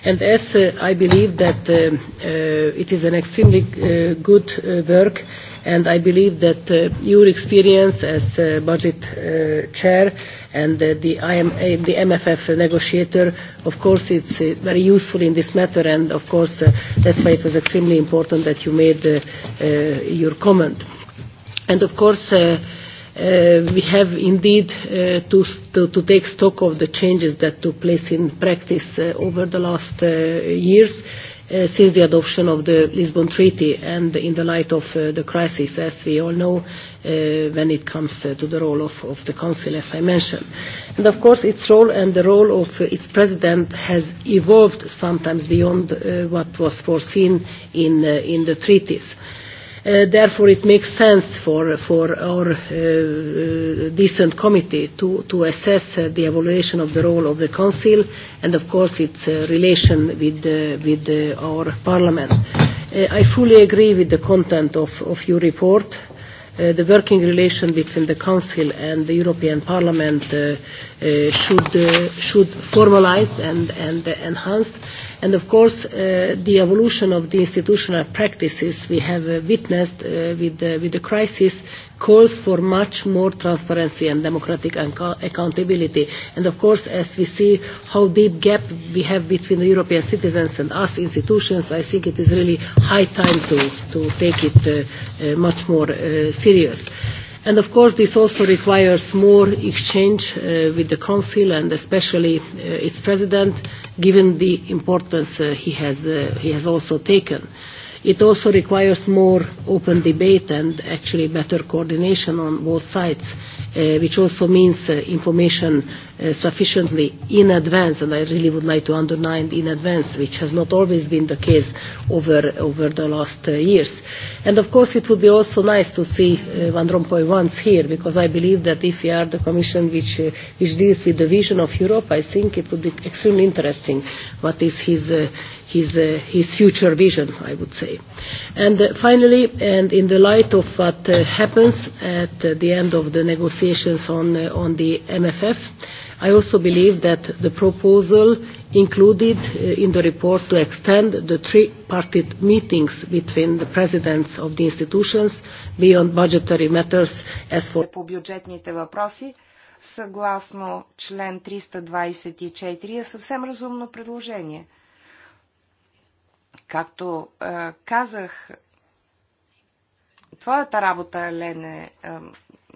Speaker 3: And as uh, I believe that uh, uh, it is an extremely uh, good uh, work, and I believe that uh, your experience as uh, budget uh, chair and uh, the, IM, uh, the MFF negotiator, of course, it's uh, very useful in this matter, and of course, uh, that's why it was extremely important that you made uh, uh, your comment. And of course, uh, uh, we have indeed uh, to, to, to take stock of the changes that took place in practice uh, over the last uh, years uh, since the adoption of the Lisbon Treaty and in the light of uh, the crisis, as we all know, uh, when it comes uh, to the role of, of the Council, as I mentioned. And of course, its role and the role of uh, its president has evolved sometimes beyond uh, what was foreseen in, uh, in the treaties. Uh, therefore, it makes sense for, for our uh, decent committee to, to assess uh, the evaluation of the role of the Council and, of course, its uh, relation with, uh, with uh, our Parliament. Uh, I fully agree with the content of, of your report the working relation between the Council and the European Parliament uh, uh, should, uh, should formalize and, and uh, enhance And of course, uh, the evolution of the institutional practices we have uh, witnessed uh, with, the, with the crisis calls for much more transparency and democratic accountability. And of course, as we see how deep gap we have between the European citizens and us institutions, I think it is really high time to, to take it uh, uh, much more uh, serious. And of course, this also requires more exchange uh, with the Council and especially uh, its President, given the importance uh, he, has, uh, he has also taken. It also requires more open debate and actually better coordination on both sides uh, which also means uh, information uh, sufficiently in advance, and I really would like to underline in advance, which has not always been the case over, over the last uh, years. And of course, it would be also nice to see uh, Van Rompuy once here, because I believe that if we are the Commission which, uh, which deals with the vision of Europe, I think it would be extremely interesting what is his. Uh, his, uh, his future vision, I would say. And uh, finally, and in the light of what uh, happens at uh, the end of the negotiations on, uh, on the MFF, I also believe that the proposal included uh, in the report to extend the three-party meetings between the presidents of the institutions beyond budgetary matters as for...
Speaker 4: По бюджетните въпроси, съгласно член 324, е съвсем разумно предложение – Както е, казах, твоята работа, Лене, е,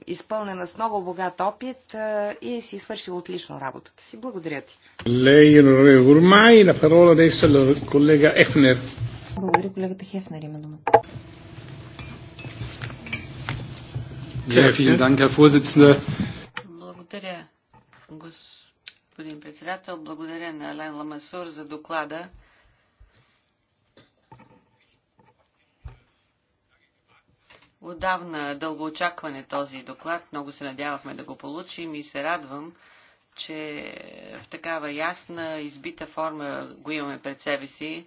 Speaker 4: изпълнена с много богат опит е, и си свършила отлично работата си. Благодаря ти.
Speaker 1: Благодаря, колегата
Speaker 5: Хефнер има думата.
Speaker 6: Благодаря, господин председател. Благодаря на Елен Ламасур за доклада. Отдавна дълго очакване този доклад. Много се надявахме да го получим и се радвам, че в такава ясна, избита форма го имаме пред себе си. Е,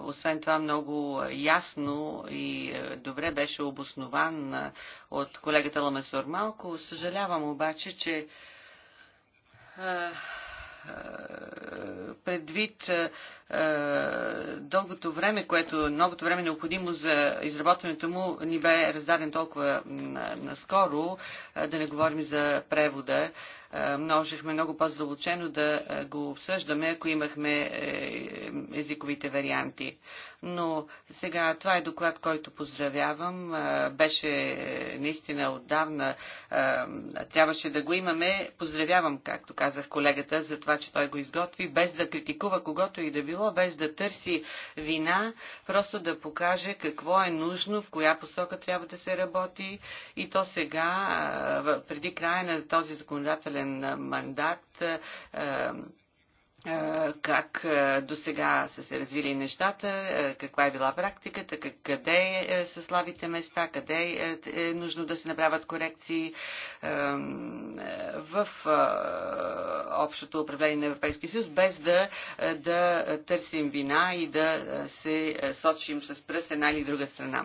Speaker 6: освен това много ясно и е, добре беше обоснован е, от колегата Ламесор. Малко съжалявам обаче, че е, предвид е, е, дългото време, което новото време необходимо за изработването му ни бе раздаден толкова наскоро, да не говорим за превода е, можехме много по-задълбочено да е, го обсъждаме, ако имахме е, езиковите варианти. Но сега това е доклад, който поздравявам. Беше наистина отдавна, трябваше да го имаме. Поздравявам, както казах колегата, за това, че той го изготви, без да критикува когото и да било, без да търси вина, просто да покаже какво е нужно, в коя посока трябва да се работи. И то сега, преди края на този законодателен преден мандат как до сега са се развили нещата, каква е била практиката, къде е, са слабите места, къде е, е, е нужно да се направят корекции в общото управление на Европейския съюз, без да, да търсим вина и да се сочим с пръст една или друга страна.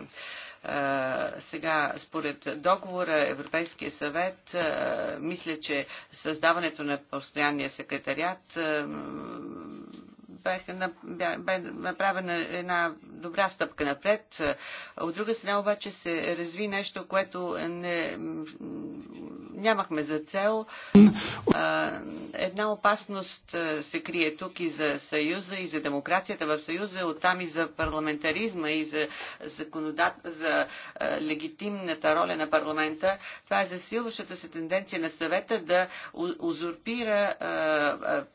Speaker 6: Сега, според договора Европейския съвет, мисля, че създаването на постоянния секретариат бе направена една добра стъпка напред. От друга страна обаче се разви нещо, което не нямахме за цел. Една опасност се крие тук и за Съюза, и за демокрацията в Съюза, оттам и за парламентаризма, и за, законодат... за легитимната роля на парламента. Това е засилващата се тенденция на съвета да узурпира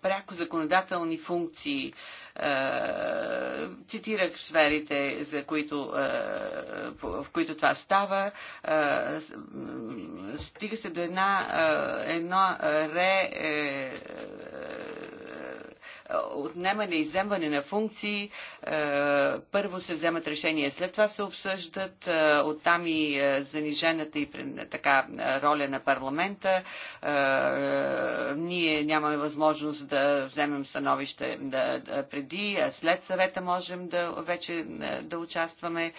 Speaker 6: пряко законодателни функции. Е, цитирах сферите, за които, е, в които това става. Е, стига се до една, едно ре отнемане, вземане на функции, е, първо се вземат решения, след това се обсъждат, е, оттам и е, занижената и така роля на парламента. Ние нямаме възможност да вземем становище преди, а след съвета можем да вече да участваме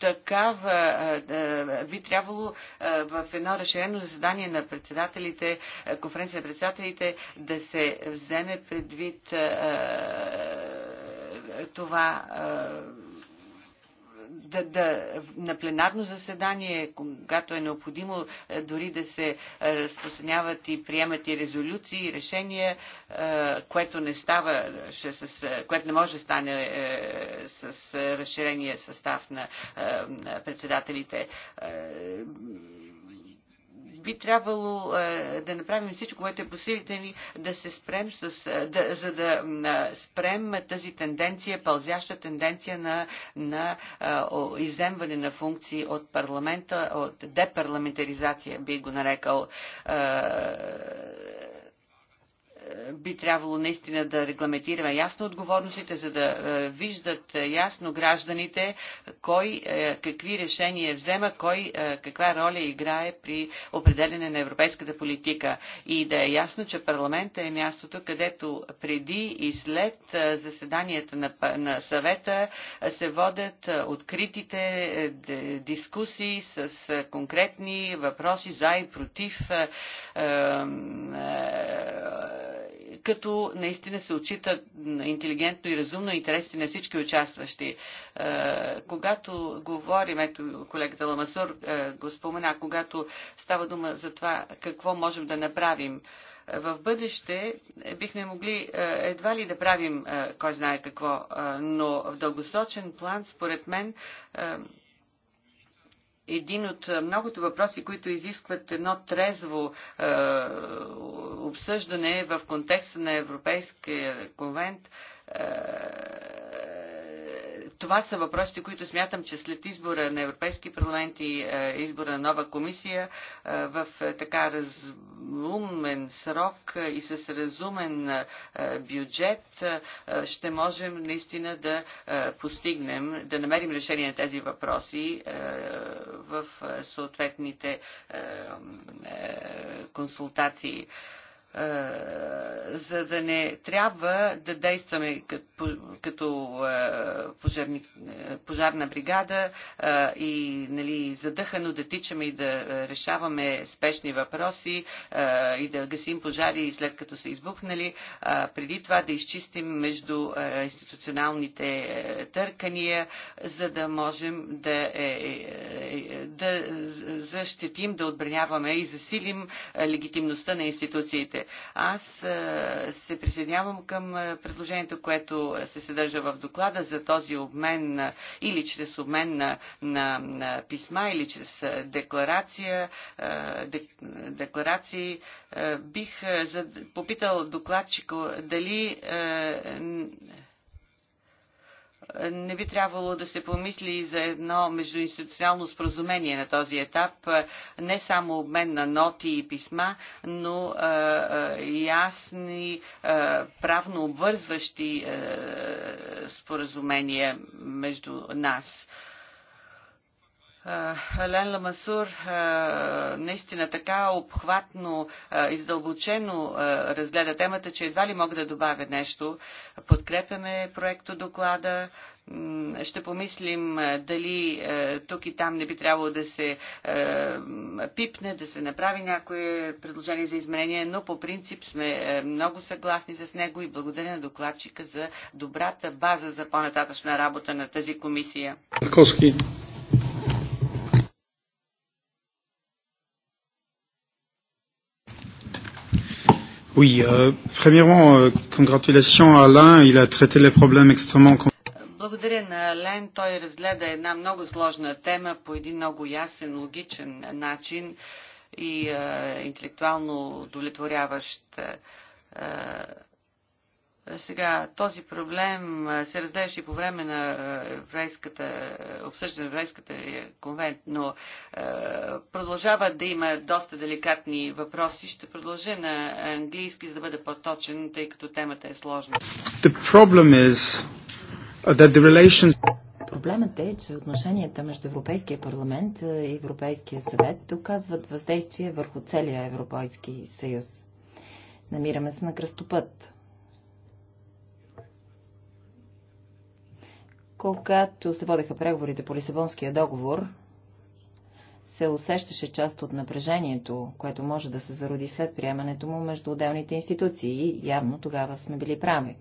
Speaker 6: такава би трябвало в едно разширено заседание на председателите, конференция на председателите да се вземе предвид това да, да, на пленарно заседание, когато е необходимо е, дори да се е, разпространяват и приемат и резолюции, и решения, е, което не става, което не може да стане с разширение състав на председателите би трябвало е, да направим всичко, което е по силите ни, да се спрем с, е, да, за да е, спрем тази тенденция, пълзяща тенденция на, на иземване на функции от парламента, от депарламентаризация, би го нарекал би трябвало наистина да регламентираме ясно отговорностите, за да е, виждат е, ясно гражданите кой е, какви решения взема, кой каква роля играе при определене на европейската политика. И да е ясно, че парламента е мястото, където преди и след заседанията на, на съвета се водят откритите дискусии с конкретни въпроси за и против като наистина се отчита интелигентно и разумно интересите на всички участващи. Е, когато говорим, ето колегата Ламасур е, го спомена, когато става дума за това какво можем да направим, е, в бъдеще бихме могли едва ли да правим кой знае какво, но в дългосрочен план, според мен, един от многото въпроси, които изискват едно трезво е, обсъждане в контекста на Европейския конвент е, това са въпросите, които смятам, че след избора на Европейски парламент и е, избора на нова комисия е, в е, така разумен срок и с разумен бюджет ще можем наистина да постигнем, да намерим решение на тези въпроси в съответните консултации за да не трябва да действаме като пожарна бригада и нали, задъхано да тичаме и да решаваме спешни въпроси и да гасим пожари след като са избухнали, преди това да изчистим между институционалните търкания, за да можем да, е, е, е, да защитим, да отбраняваме и засилим легитимността на институциите гражданите. Аз е, се присъединявам към е, предложението, което се съдържа в доклада за този обмен е, или чрез обмен на, на, на писма, или чрез декларация, декларации. Бих попитал докладчика дали не би трябвало да се помисли и за едно междуинституционално споразумение на този етап, не само обмен на ноти и писма, но ясни, правно обвързващи споразумения между нас. Лен Ламасур наистина така обхватно, издълбочено разгледа темата, че едва ли мога да добавя нещо. Подкрепяме проекто доклада. Ще помислим дали тук и там не би трябвало да се пипне, да се направи някое предложение за изменение, но по принцип сме много съгласни с него и благодаря на докладчика за добрата база за по-нататъчна работа на тази комисия.
Speaker 1: Oui, euh, premièrement, euh, congratulations à Alain, il a traité les problèmes extrêmement
Speaker 6: благодаря на Лен. Той разгледа една много сложна тема по един много ясен, логичен начин и е, интелектуално удовлетворяващ. Е, сега, този проблем се разглеждаше и по време на еврейската, обсъждане на еврейската е, конвент, но е, продължава да има доста деликатни въпроси. Ще продължа на английски, за да бъда по-точен, тъй като темата е сложна.
Speaker 1: The problem is uh, that the relations...
Speaker 5: Проблемът е, че отношенията между Европейския парламент и Европейския съвет оказват въздействие върху целия Европейски съюз. Намираме се на кръстопът Когато се водеха преговорите по Лисабонския договор, се усещаше част от напрежението, което може да се зароди след приемането му между отделните институции и явно тогава сме били прави.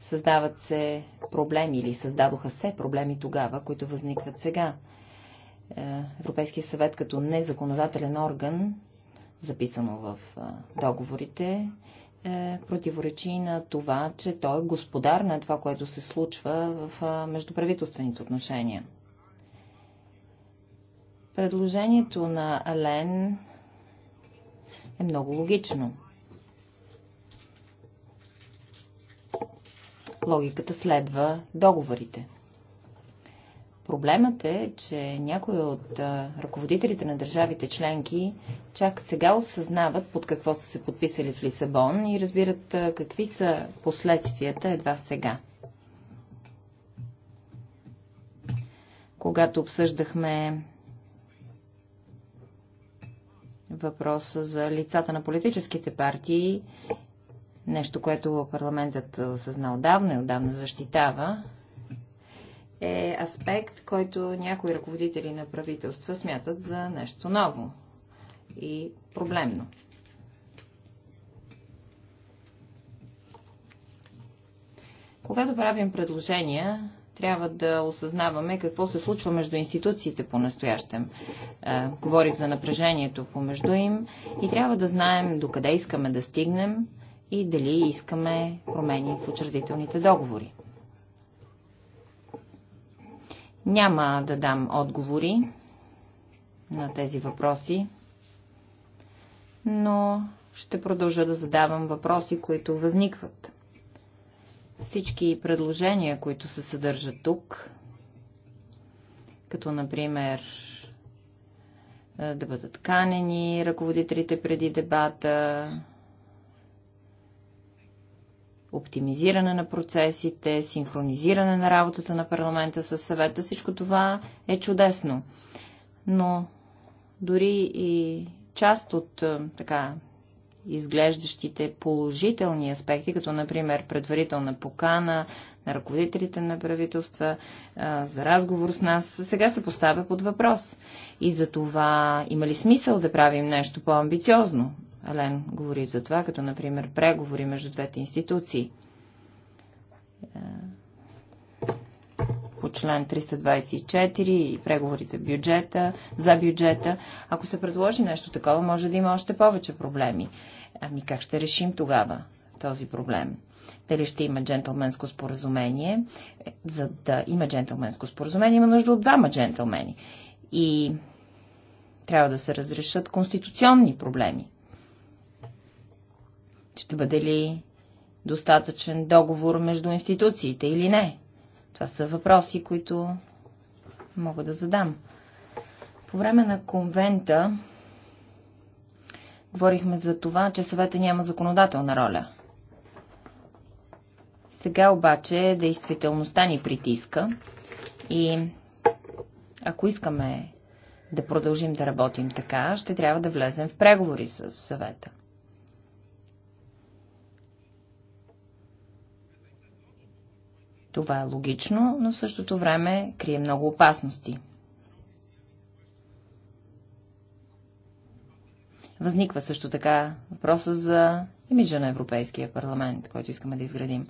Speaker 5: Създават се проблеми или създадоха се проблеми тогава, които възникват сега. Е, Европейския съвет като незаконодателен орган, записано в договорите, е, противоречи на това, че той е господар на това, което се случва в междуправителствените отношения. Предложението на Ален е много логично. Логиката следва договорите – Проблемът е, че някои от ръководителите на държавите членки чак сега осъзнават под какво са се подписали в Лисабон и разбират какви са последствията едва сега. Когато обсъждахме въпроса за лицата на политическите партии, нещо, което парламентът осъзна отдавна и отдавна защитава, е аспект, който някои ръководители на правителства смятат за нещо ново и проблемно. Когато правим предложения, трябва да осъзнаваме какво се случва между институциите по-настоящем. Е, говорих за напрежението помежду им и трябва да знаем докъде искаме да стигнем и дали искаме промени в учредителните договори. Няма да дам отговори на тези въпроси, но ще продължа да задавам въпроси, които възникват. Всички предложения, които се съдържат тук, като например е, да бъдат канени ръководителите преди дебата, оптимизиране на процесите, синхронизиране на работата на парламента с съвета. Всичко това е чудесно. Но дори и част от е, така изглеждащите положителни аспекти, като например предварителна покана на ръководителите на правителства е, за разговор с нас, сега се поставя под въпрос. И за това има ли смисъл да правим нещо по-амбициозно? Елен говори за това, като например преговори между двете институции. Е, по член 324 и преговорите бюджета, за бюджета. Ако се предложи нещо такова, може да има още повече проблеми. Ами как ще решим тогава този проблем? дали ще има джентълменско споразумение. Е, за да има джентълменско споразумение, има нужда от двама джентълмени. И трябва да се разрешат конституционни проблеми. Ще бъде ли достатъчен договор между институциите или не? Това са въпроси, които мога да задам. По време на конвента говорихме за това, че съвета няма законодателна роля. Сега обаче действителността ни притиска и ако искаме да продължим да работим така, ще трябва да влезем в преговори с съвета. Това е логично, но в същото време крие много опасности. Възниква също така въпроса за имиджа на Европейския парламент, който искаме да изградим.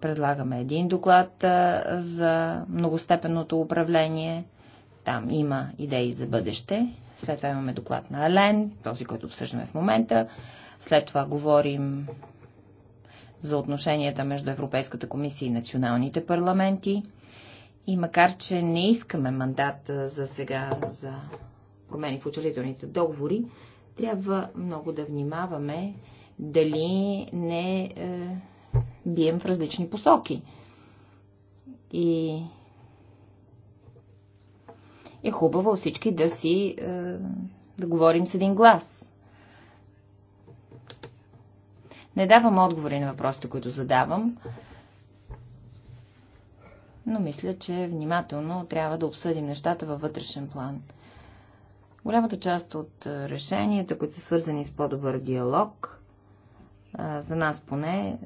Speaker 5: Предлагаме един доклад за многостепенното управление. Там има идеи за бъдеще. След това имаме доклад на Ален, този, който обсъждаме в момента. След това говорим за отношенията между Европейската комисия и националните парламенти. И макар, че не искаме мандат за сега за промени в учредителните договори, трябва много да внимаваме дали не е, бием в различни посоки. И е хубаво всички да си е, да говорим с един глас. Не давам отговори на въпросите, които задавам, но мисля, че внимателно трябва да обсъдим нещата във вътрешен план. Голямата част от решенията, които са свързани с по-добър диалог, за нас поне,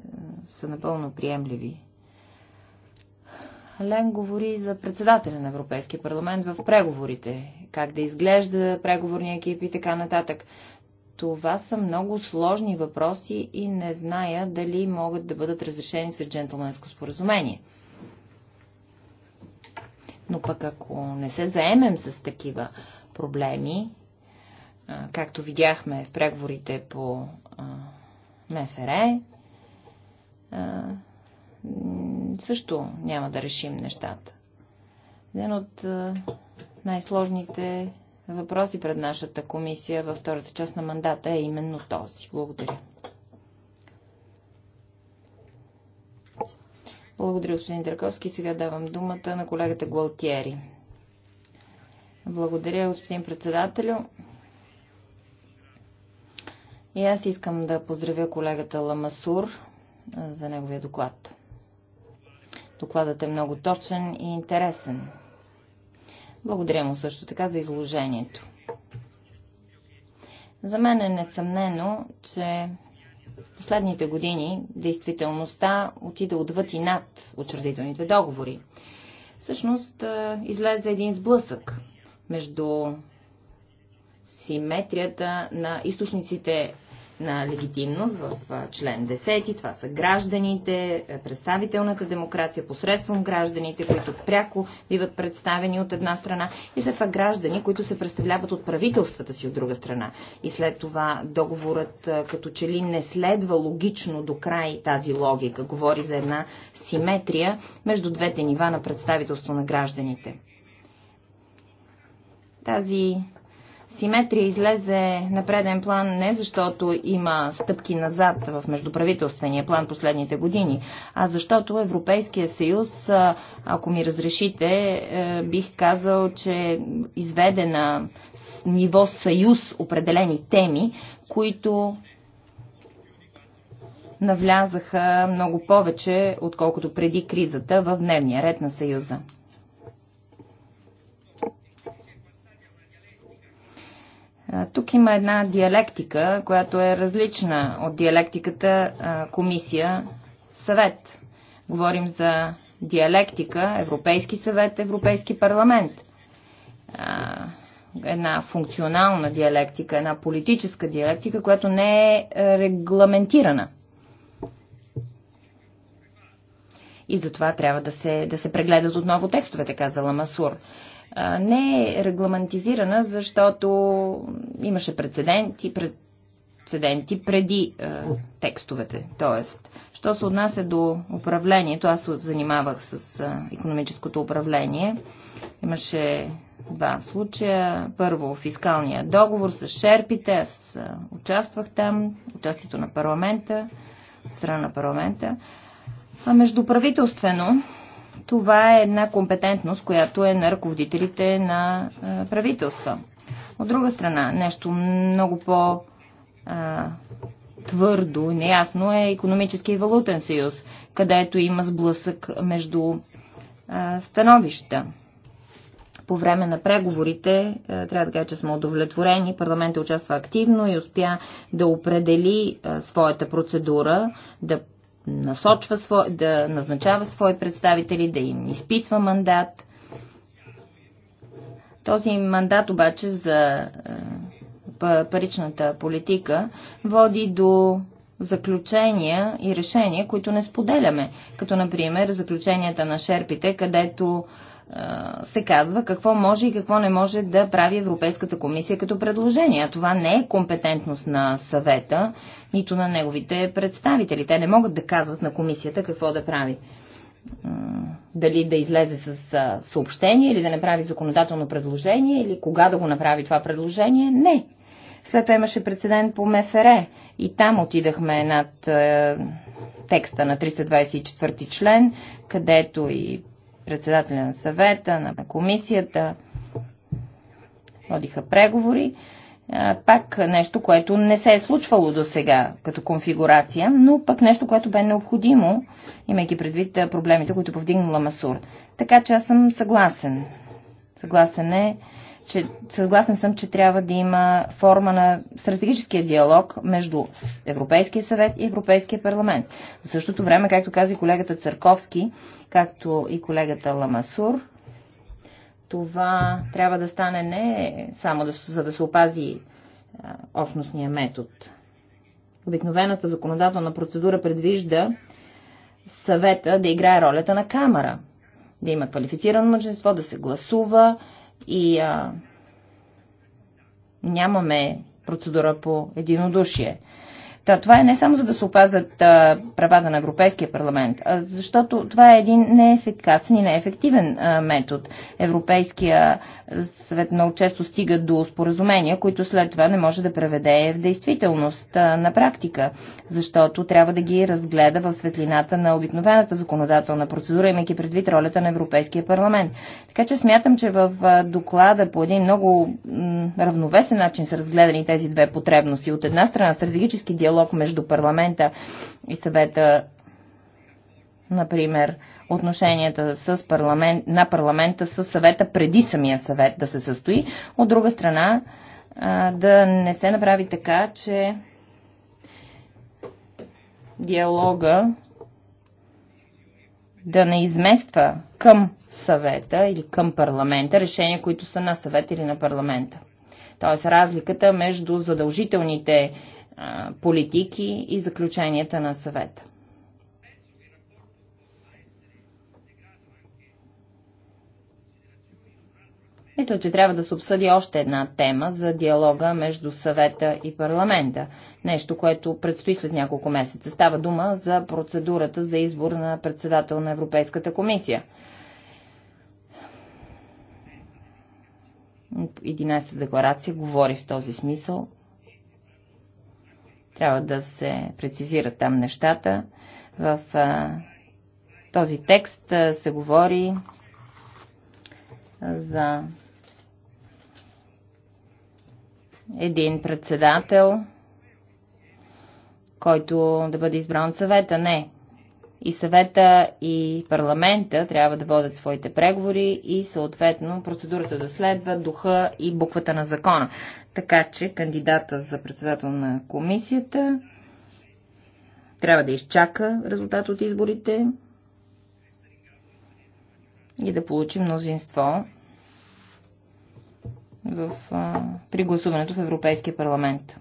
Speaker 5: са напълно приемливи. Лен говори за председателя на Европейския парламент в преговорите, как да изглежда преговорния екип и така нататък. Това са много сложни въпроси и не зная дали могат да бъдат разрешени с джентлменско споразумение. Но пък ако не се заемем с такива проблеми, както видяхме в преговорите по МФР, също няма да решим нещата. Един от най-сложните въпроси пред нашата комисия във втората част на мандата е именно този. Благодаря. Благодаря, господин Драковски. Сега давам думата на колегата Гуалтиери. Благодаря, господин председателю. И аз искам да поздравя колегата Ламасур за неговия доклад. Докладът е много точен и интересен. Благодаря му също така за изложението. За мен е несъмнено, че в последните години действителността отиде отвъд и над учредителните договори. Всъщност излезе един сблъсък между симетрията на източниците на легитимност в член 10. Това са гражданите, е, представителната демокрация посредством гражданите, които пряко биват представени от една страна и след това граждани, които се представляват от правителствата си от друга страна. И след това договорът е, като че ли не следва логично до край тази логика. Говори за една симетрия между двете нива на представителство на гражданите. Тази Симетрия излезе на преден план не защото има стъпки назад в междуправителствения план последните години, а защото Европейския съюз, ако ми разрешите, е, бих казал, че изведе на ниво съюз определени теми, които навлязаха много повече, отколкото преди кризата, в дневния ред на Съюза. Тук има една диалектика, която е различна от диалектиката комисия съвет. Говорим за диалектика Европейски съвет, Европейски парламент. Една функционална диалектика, една политическа диалектика, която не е, е регламентирана. И затова трябва да се, да се прегледат отново текстовете, каза Ламасур не е регламентизирана, защото имаше прецеденти, прецеденти преди е, текстовете. Тоест, що се отнася до управлението, аз се занимавах с е, економическото управление. Имаше два случая. Първо, фискалния договор с шерпите. Аз е, участвах там, участието на парламента, страна на парламента. А междуправителствено това е една компетентност, която е на ръководителите на правителства. От друга страна, нещо много по- твърдо, неясно е економически и валутен съюз, където има сблъсък между а, становища. По време на преговорите, а, трябва да кажа, че сме удовлетворени, парламентът участва активно и успя да определи а, своята процедура, да насочва, свой, да назначава свои представители, да им изписва мандат. Този мандат обаче за е, паричната политика води до заключения и решения, които не споделяме. Като, например, заключенията на шерпите, където се казва какво може и какво не може да прави Европейската комисия като предложение. това не е компетентност на съвета, нито на неговите представители. Те не могат да казват на комисията какво да прави. Дали да излезе с съобщение или да направи законодателно предложение или кога да го направи това предложение. Не. След това имаше прецедент по МФР и там отидахме над е, текста на 324 член, където и председателя на съвета, на комисията. Водиха преговори. Пак нещо, което не се е случвало до сега като конфигурация, но пък нещо, което бе необходимо, имайки предвид проблемите, които повдигнала Масур. Така че аз съм съгласен. Съгласен е че съгласен съм, че трябва да има форма на стратегическия диалог между Европейския съвет и Европейския парламент. В същото време, както каза и колегата Църковски, както и колегата Ламасур, това трябва да стане не само да, за да се опази общностния метод. Обикновената законодателна процедура предвижда съвета да играе ролята на камера, да има квалифицирано мъжество, да се гласува, и а, нямаме процедура по единодушие. Та, това е не само за да се опазят а, правата на Европейския парламент, а защото това е един неефикасен и неефективен а, метод. Европейския съвет много често стига до споразумения, които след това не може да преведе в действителност а, на практика, защото трябва да ги разгледа в светлината на обикновената законодателна процедура, имайки предвид ролята на Европейския парламент. Така че смятам, че в доклада по един много равновесен начин са разгледани тези две потребности. От една страна стратегически диалог диалог между парламента и съвета, например, отношенията с парламент, на парламента с съвета преди самия съвет да се състои. От друга страна, да не се направи така, че диалога да не измества към съвета или към парламента решения, които са на съвета или на парламента. Тоест разликата между задължителните политики и заключенията на съвета. Мисля, че трябва да се обсъди още една тема за диалога между съвета и парламента. Нещо, което предстои след няколко месеца. Става дума за процедурата за избор на председател на Европейската комисия. 11 декларация говори в този смисъл. Трябва да се прецизират там нещата. В а, този текст а, се говори за един председател, който да бъде избран от съвета. Не, и съвета и парламента трябва да водят своите преговори и съответно процедурата да следва духа и буквата на закона. Така че кандидата за председател на комисията трябва да изчака резултат от изборите и да получи мнозинство в, а, при гласуването в Европейския парламент.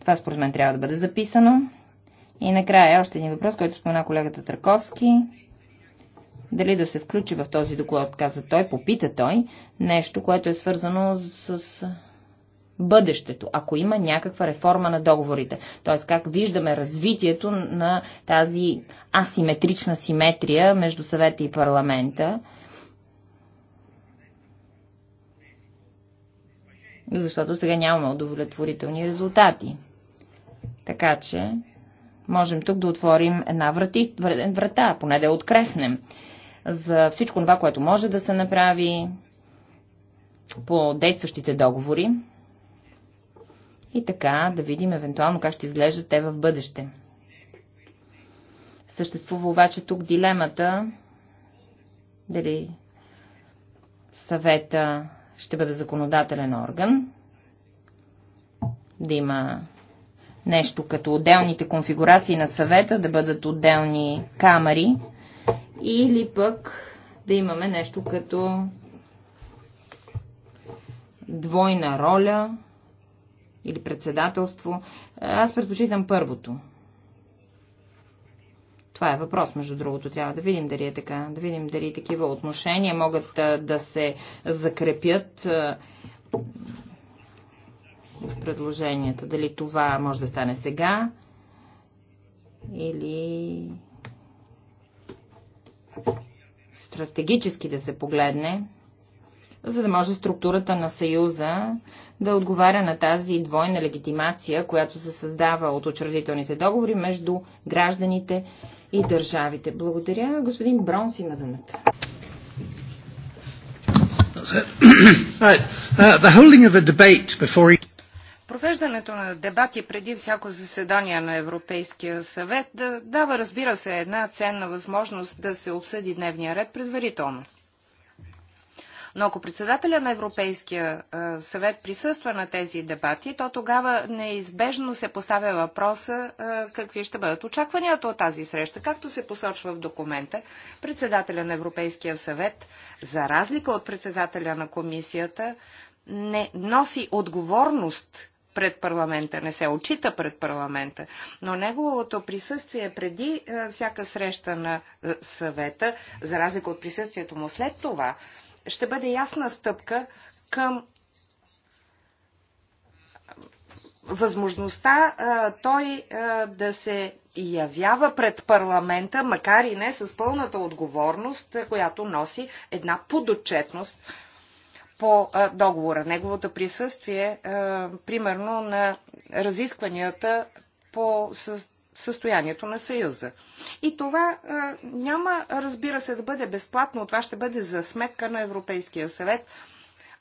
Speaker 5: Това според мен трябва да бъде записано. И накрая още един въпрос, който спомена колегата Търковски. Дали да се включи в този доклад, каза той, попита той, нещо, което е свързано с бъдещето, ако има някаква реформа на договорите. Т.е. как виждаме развитието на тази асиметрична симетрия между съвета и парламента. Защото сега нямаме удовлетворителни резултати. Така че Можем тук да отворим една врати, врата, поне да я открехнем за всичко това, което може да се направи по действащите договори и така да видим евентуално как ще изглеждат те в бъдеще. Съществува обаче тук дилемата дали съвета ще бъде законодателен орган, да има нещо като отделните конфигурации на съвета да бъдат отделни камери или пък да имаме нещо като двойна роля или председателство. Аз предпочитам първото. Това е въпрос, между другото. Трябва да видим дали е така. Да видим дали такива отношения могат да се закрепят в предложенията. Дали това може да стане сега или стратегически да се погледне, за да може структурата на Съюза да отговаря на тази двойна легитимация, която се създава от учредителните договори между гражданите и държавите. Благодаря. Господин Бронс има думата.
Speaker 1: right. Uh, the holding of a debate before
Speaker 4: Провеждането на дебати преди всяко заседание на Европейския съвет да дава, разбира се, една ценна възможност да се обсъди дневния ред предварително. Но ако председателя на Европейския съвет присъства на тези дебати, то тогава неизбежно се поставя въпроса какви ще бъдат очакванията от тази среща. Както се посочва в документа, председателя на Европейския съвет, за разлика от председателя на комисията, не носи отговорност пред парламента, не се очита пред парламента, но неговото присъствие е преди е, всяка среща на е, съвета, за разлика от присъствието му след това, ще бъде ясна стъпка към възможността а, той а, да се явява пред парламента, макар и не с пълната отговорност, която носи една подотчетност по договора. Неговото присъствие, примерно, на разискванията по състоянието на Съюза. И това няма, разбира се, да бъде безплатно. Това ще бъде за сметка на Европейския съвет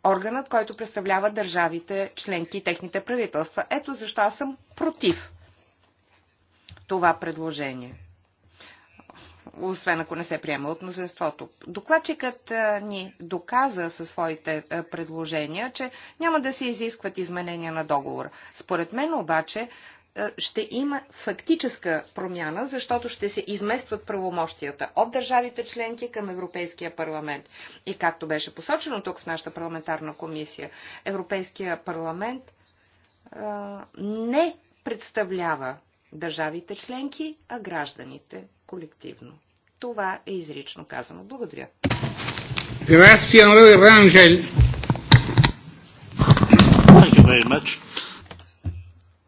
Speaker 4: органът, който представлява държавите членки и техните правителства. Ето защо аз съм против това предложение освен ако не се приема от мнозинството. Докладчикът ни доказа със своите предложения, че няма да се изискват изменения на договора. Според мен обаче ще има фактическа промяна, защото ще се изместват правомощията от държавите членки към Европейския парламент. И както беше посочено тук в нашата парламентарна комисия, Европейския парламент не представлява държавите членки, а гражданите колективно. Това е изрично казано. Благодаря.
Speaker 1: Grazie, onorevole Rangel. Thank you very much.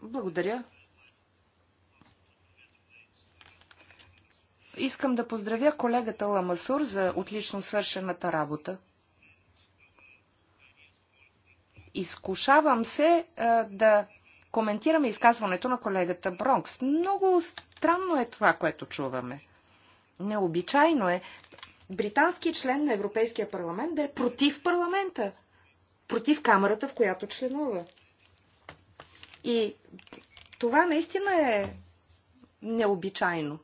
Speaker 4: Благодаря. Искам да поздравя колегата Ламасур за отлично свършената работа. Изкушавам се а, да коментираме изказването на колегата Бронкс. Много странно е това, което чуваме. Необичайно е британски член на Европейския парламент да е против парламента, против камерата, в която членува. И това наистина е необичайно.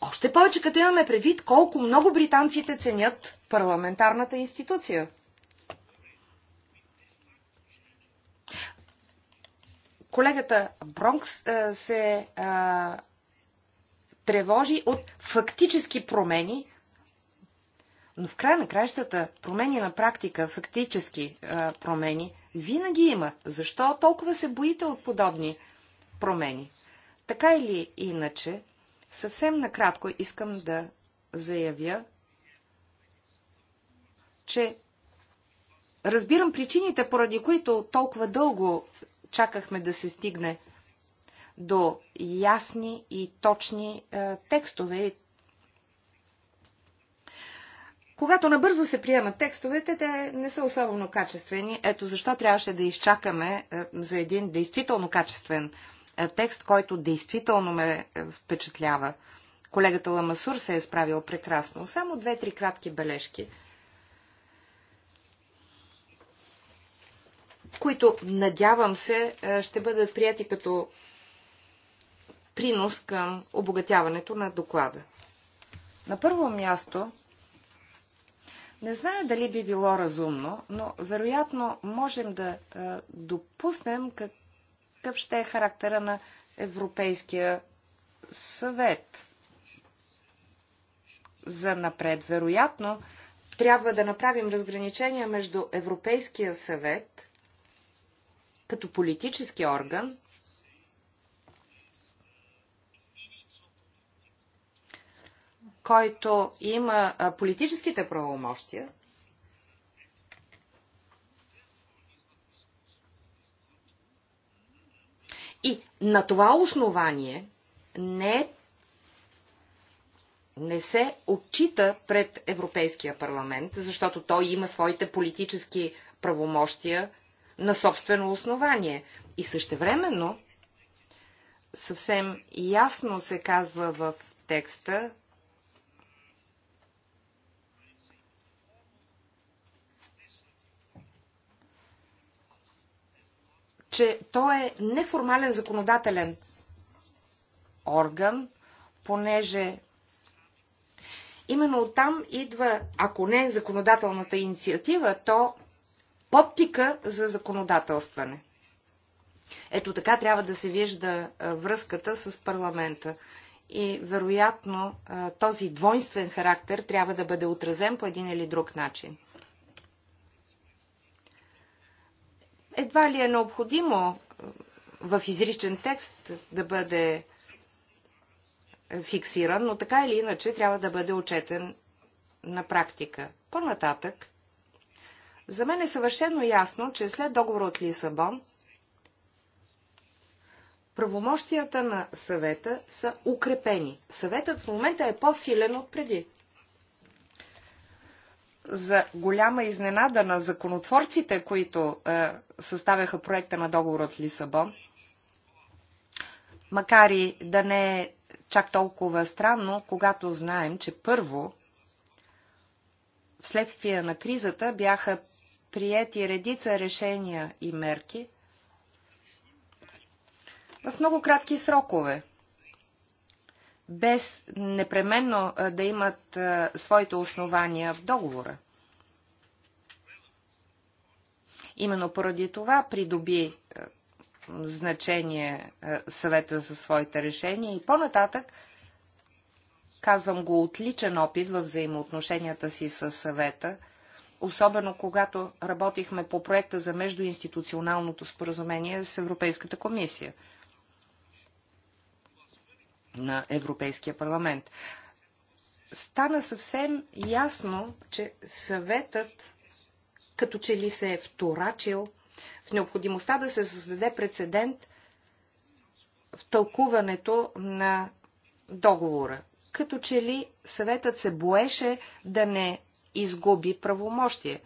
Speaker 4: Още повече, като имаме предвид колко много британците ценят парламентарната институция. Колегата Бронкс е, се а, е, тревожи от фактически промени, но в края на краищата промени на практика, фактически а, е, промени, винаги има. Защо толкова се боите от подобни промени? Така или иначе, съвсем накратко искам да заявя, че разбирам причините, поради които толкова дълго чакахме да се стигне до ясни и точни е, текстове. Когато набързо се приемат текстовете, те не са особено качествени. Ето защо трябваше да изчакаме е, за един действително качествен е, текст, който действително ме е, впечатлява. Колегата Ламасур се е справил прекрасно. Само две-три кратки бележки – които надявам се е, ще бъдат прияти като принос към обогатяването на доклада. На първо място, не зная дали би било разумно, но вероятно можем да е, допуснем какъв ще е характера на Европейския съвет за напред. Вероятно, трябва да направим разграничение между Европейския съвет като политически орган който има политическите правомощия, И на това основание не, не се отчита пред Европейския парламент, защото той има своите политически правомощия на собствено основание. И същевременно, съвсем ясно се казва в текста, че то е неформален законодателен орган, понеже именно оттам идва, ако не законодателната инициатива, то подтика за законодателстване. Ето така трябва да се вижда връзката с парламента. И вероятно този двойствен характер трябва да бъде отразен по един или друг начин. Едва ли е необходимо в изричен текст да бъде фиксиран, но така или иначе трябва да бъде отчетен на практика. По-нататък за мен е съвършено ясно, че след договора от Лисабон, правомощията на съвета са укрепени. Съветът в момента е по-силен от преди. За голяма изненада на законотворците, които е, съставяха проекта на договор от Лисабон, макар и да не е чак толкова странно, когато знаем, че първо, вследствие на кризата, бяха прияти редица решения и мерки в много кратки срокове, без непременно да имат своите основания в договора. Именно поради това придоби значение съвета за своите решения и по-нататък казвам го отличен опит в взаимоотношенията си с съвета – особено когато работихме по проекта за междуинституционалното споразумение с Европейската комисия на Европейския парламент. Стана съвсем ясно, че съветът като че ли се е вторачил в необходимостта да се създаде прецедент в тълкуването на договора. Като че ли съветът се боеше да не изгуби правомощие.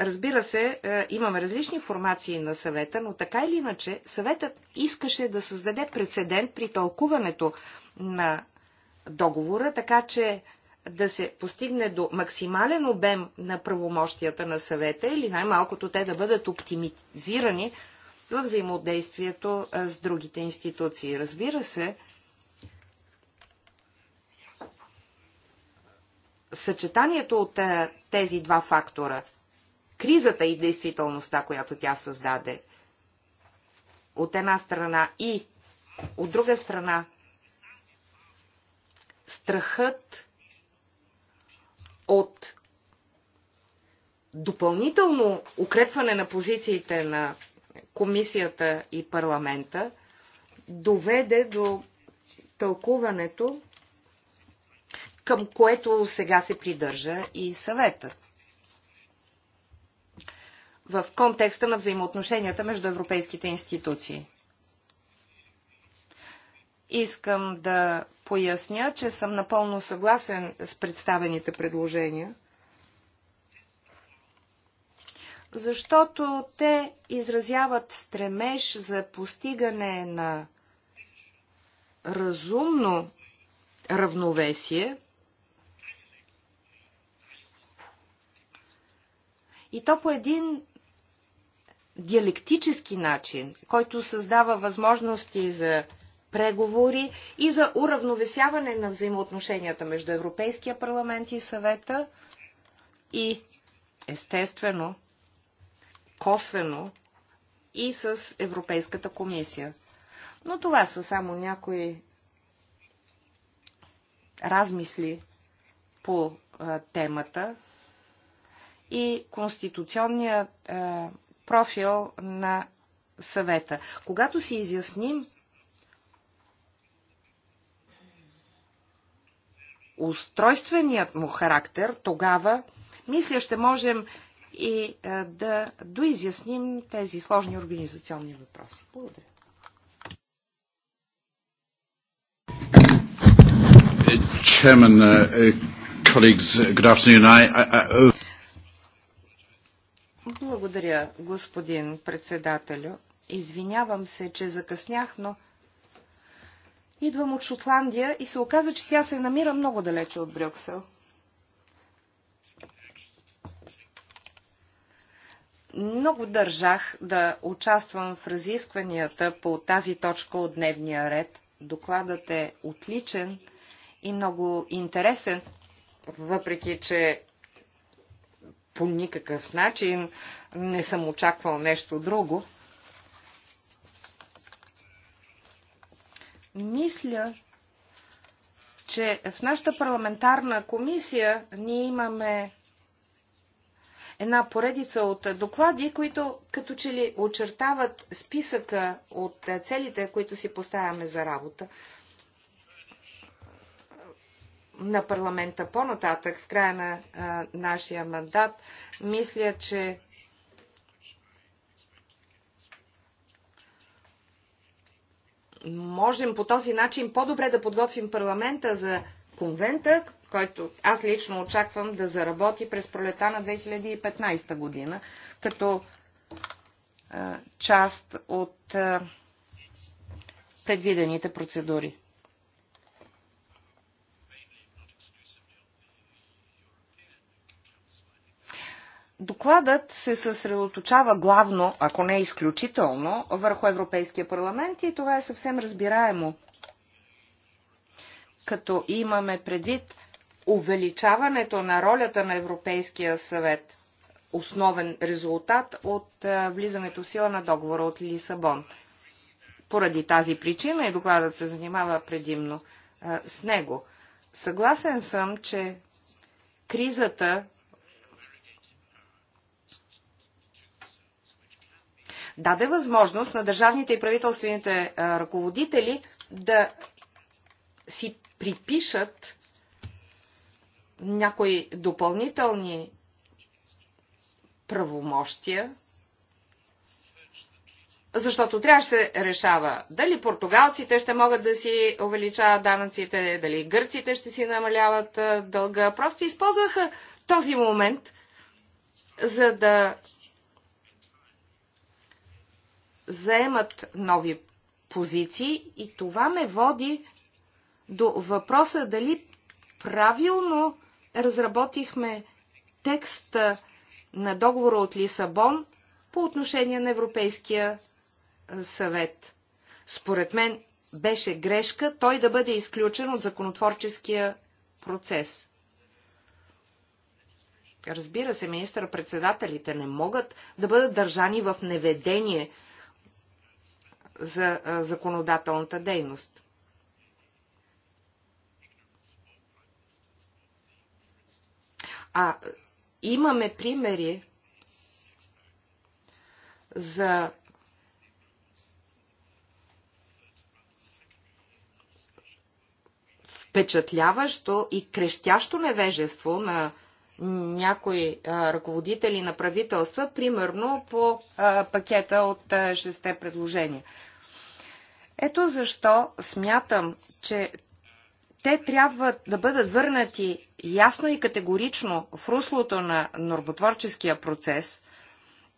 Speaker 4: Разбира се, е, имаме различни формации на съвета, но така или иначе съветът искаше да създаде прецедент при тълкуването на договора, така че да се постигне до максимален обем на правомощията на съвета или най-малкото те да бъдат оптимизирани във взаимодействието е, с другите институции. Разбира се, съчетанието от е, тези два фактора, кризата и действителността, която тя създаде, от една страна и от друга страна страхът от допълнително укрепване на позициите на комисията и парламента доведе до тълкуването, към което сега се придържа и съвета в контекста на взаимоотношенията между европейските институции. Искам да поясня, че съм напълно съгласен с представените предложения, защото те изразяват стремеж за постигане на разумно равновесие – И то по един диалектически начин, който създава възможности за преговори и за уравновесяване на взаимоотношенията между Европейския парламент и съвета и естествено, косвено и с Европейската комисия. Но това са само някои размисли по темата и конституционния е, профил на съвета. Когато си изясним устройственият му характер, тогава, мисля, ще можем и е, да доизясним тези сложни организационни въпроси.
Speaker 3: Благодаря.
Speaker 1: Chairman, uh, colleagues, good afternoon. I, I,
Speaker 4: благодаря, господин председателю. Извинявам се, че закъснях, но идвам от Шотландия и се оказа, че тя се намира много далече от Брюксел. Много държах да участвам в разискванията по тази точка от дневния ред. Докладът е отличен и много интересен, въпреки че по никакъв начин не съм очаквал нещо друго. Мисля, че в нашата парламентарна комисия ние имаме една поредица от доклади, които като че ли очертават списъка от целите, които си поставяме за работа на парламента по-нататък, в края на а, нашия мандат, мисля, че можем по този начин по-добре да подготвим парламента за конвента, който аз лично очаквам да заработи през пролета на 2015 година, като а, част от а, предвидените процедури. Докладът се съсредоточава главно, ако не изключително, върху Европейския парламент и това е съвсем разбираемо. Като имаме предвид увеличаването на ролята на Европейския съвет, основен резултат от е, влизането в сила на договора от Лисабон. Поради тази причина и докладът се занимава предимно е, с него. Съгласен съм, че кризата даде възможност на държавните и правителствените ръководители да си припишат някои допълнителни правомощия, защото трябва да се решава дали португалците ще могат да си увеличават данъците, дали гърците ще си намаляват дълга. Просто използваха този момент, за да заемат нови позиции и това ме води до въпроса дали правилно разработихме текста на договора от Лисабон по отношение на Европейския съвет. Според мен беше грешка той да бъде изключен от законотворческия процес. Разбира се, министър-председателите не могат да бъдат държани в неведение за законодателната дейност. А имаме примери за впечатляващо и крещящо невежество на някои а, ръководители на правителства, примерно по а, пакета от шесте предложения. Ето защо смятам, че те трябва да бъдат върнати ясно и категорично в руслото на норботворческия процес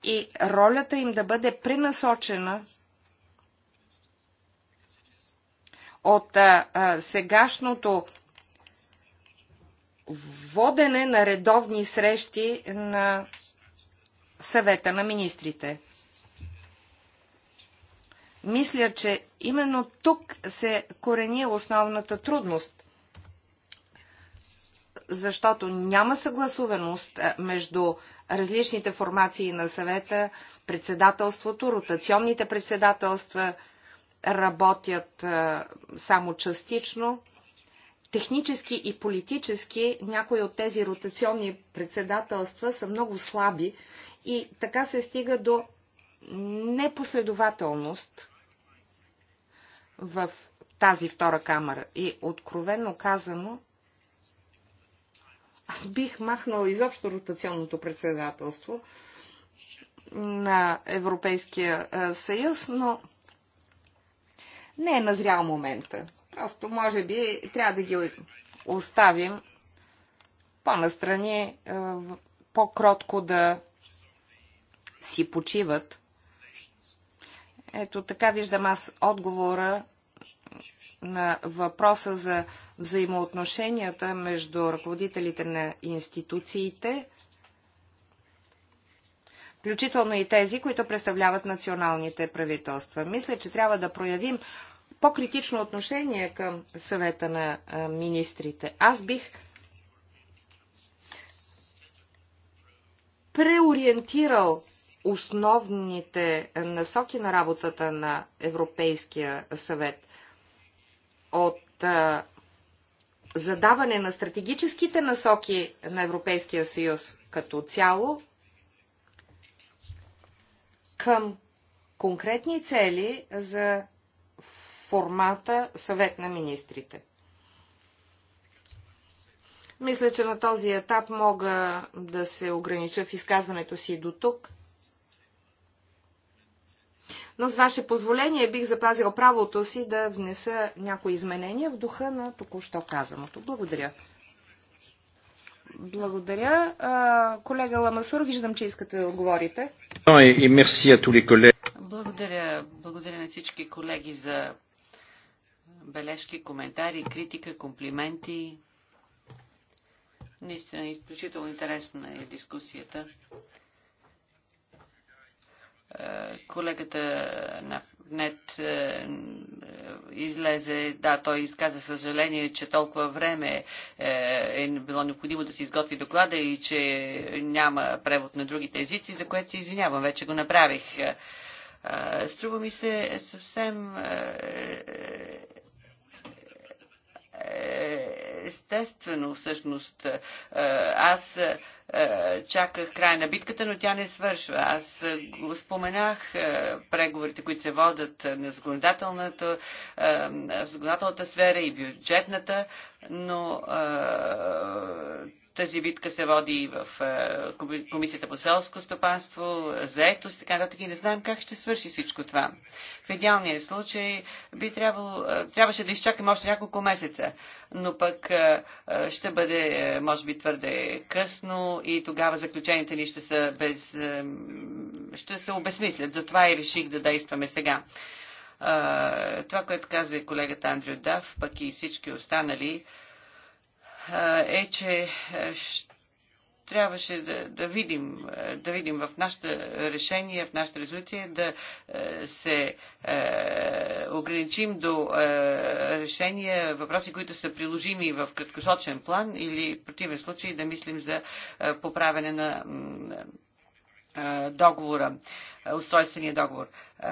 Speaker 4: и ролята им да бъде пренасочена от а, а, сегашното водене на редовни срещи на съвета на министрите. Мисля, че именно тук се корени основната трудност, защото няма съгласуваност между различните формации на съвета, председателството, ротационните председателства работят само частично. Технически и политически някои от тези ротационни председателства са много слаби и така се стига до непоследователност в тази втора камера. И откровенно казано, аз бих махнал изобщо ротационното председателство на Европейския е, съюз, но не е назрял момента. Просто, може би, трябва да ги оставим по-настрани, е, по-кротко да си почиват. Ето така виждам аз отговора на въпроса за взаимоотношенията между ръководителите на институциите, включително и тези, които представляват националните правителства. Мисля, че трябва да проявим по-критично отношение към съвета на министрите. Аз бих преориентирал основните насоки на работата на Европейския съвет – от задаване на стратегическите насоки на Европейския съюз като цяло към конкретни цели за формата съвет на министрите. Мисля, че на този етап мога да се огранича в изказването си до тук но с ваше позволение бих запазил правото си да внеса някои изменения в духа на току-що казаното. Благодаря. Благодаря. Колега Ламасур, виждам, че искате да отговорите. Благодаря, благодаря на всички колеги за
Speaker 6: бележки, коментари, критика, комплименти. Наистина, изключително интересна е дискусията колегата на нет е, излезе, да, той изказа съжаление, че толкова време е, е, било необходимо да се изготви доклада и че няма превод на другите езици, за което се извинявам, вече го направих. Е, струва ми се съвсем естествено всъщност. Е, аз е, чаках край на битката, но тя не свършва. Аз е, споменах преговорите, които се водят на законодателната, законодателната сфера и бюджетната, но тази битка се води и в е, Комисията по селско стопанство, заетост и така нататък и не знаем как ще свърши всичко това. В идеалния случай би трябвало, е, трябваше да изчакаме още няколко месеца, но пък е, ще бъде, може би, твърде късно и тогава заключенията ни ще, са без, ще се обесмислят. Затова и реших да действаме сега това, което каза колегата Андрю Дав, пък и всички останали, е, че е, трябваше да, да, видим, е, да видим в нашата решение, в нашата резолюция, да е, се е, ограничим до е, решения, въпроси, които са приложими в краткосрочен план или в противен случай да мислим за е, поправене на е, договора, устройствения договор. Е,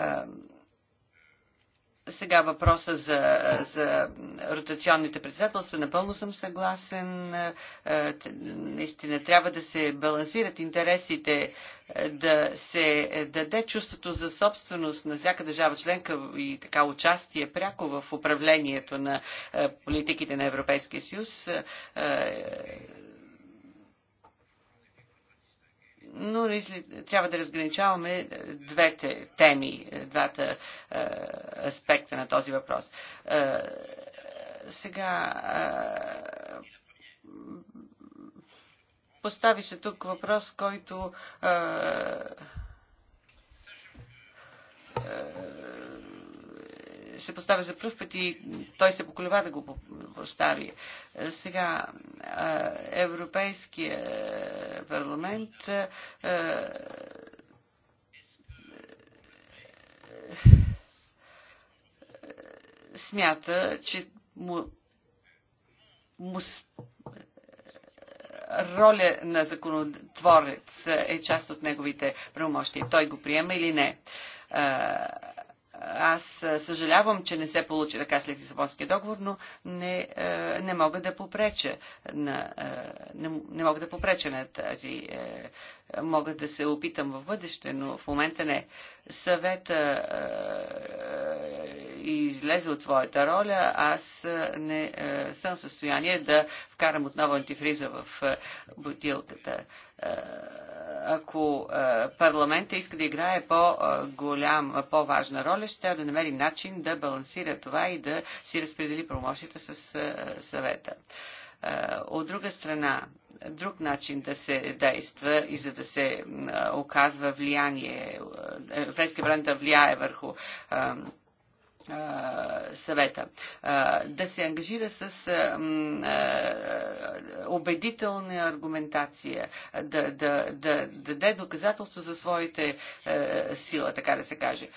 Speaker 6: сега въпроса за, за ротационните председателства. Напълно съм съгласен. Е, е, наистина трябва да се балансират интересите, е, да се даде чувството за собственост на всяка държава членка и така участие пряко в управлението на политиките на Европейския съюз но трябва да разграничаваме е, двете теми, е, двата е, аспекта на този въпрос. Сега постави се тук въпрос, който се поставя за пръв път и той се поколева да го постави. Сега, Европейския парламент смята, че му, му роля на законотворец е част от неговите правомощия. Той го приема или не. Аз съжалявам, че не се получи така след Лисабонския договор, но не, не мога да попреча на, не, не мога да попреча на тази Мога да се опитам в бъдеще, но в момента не. Съвета е, е, излезе от своята роля. Аз е, не съм в състояние да вкарам отново антифриза в бутилката. Ако парламента иска да играе по-голям, по-важна роля, ще трябва да намерим начин да балансира това и да си разпредели промощите с съвета. Е, от друга страна, друг начин да се действа и за да се оказва влияние, е, Европейския бранд да влияе върху е, съвета. Да се ангажира с убедителна аргументация, да, да, да, да даде доказателство за своите сила, така да се каже.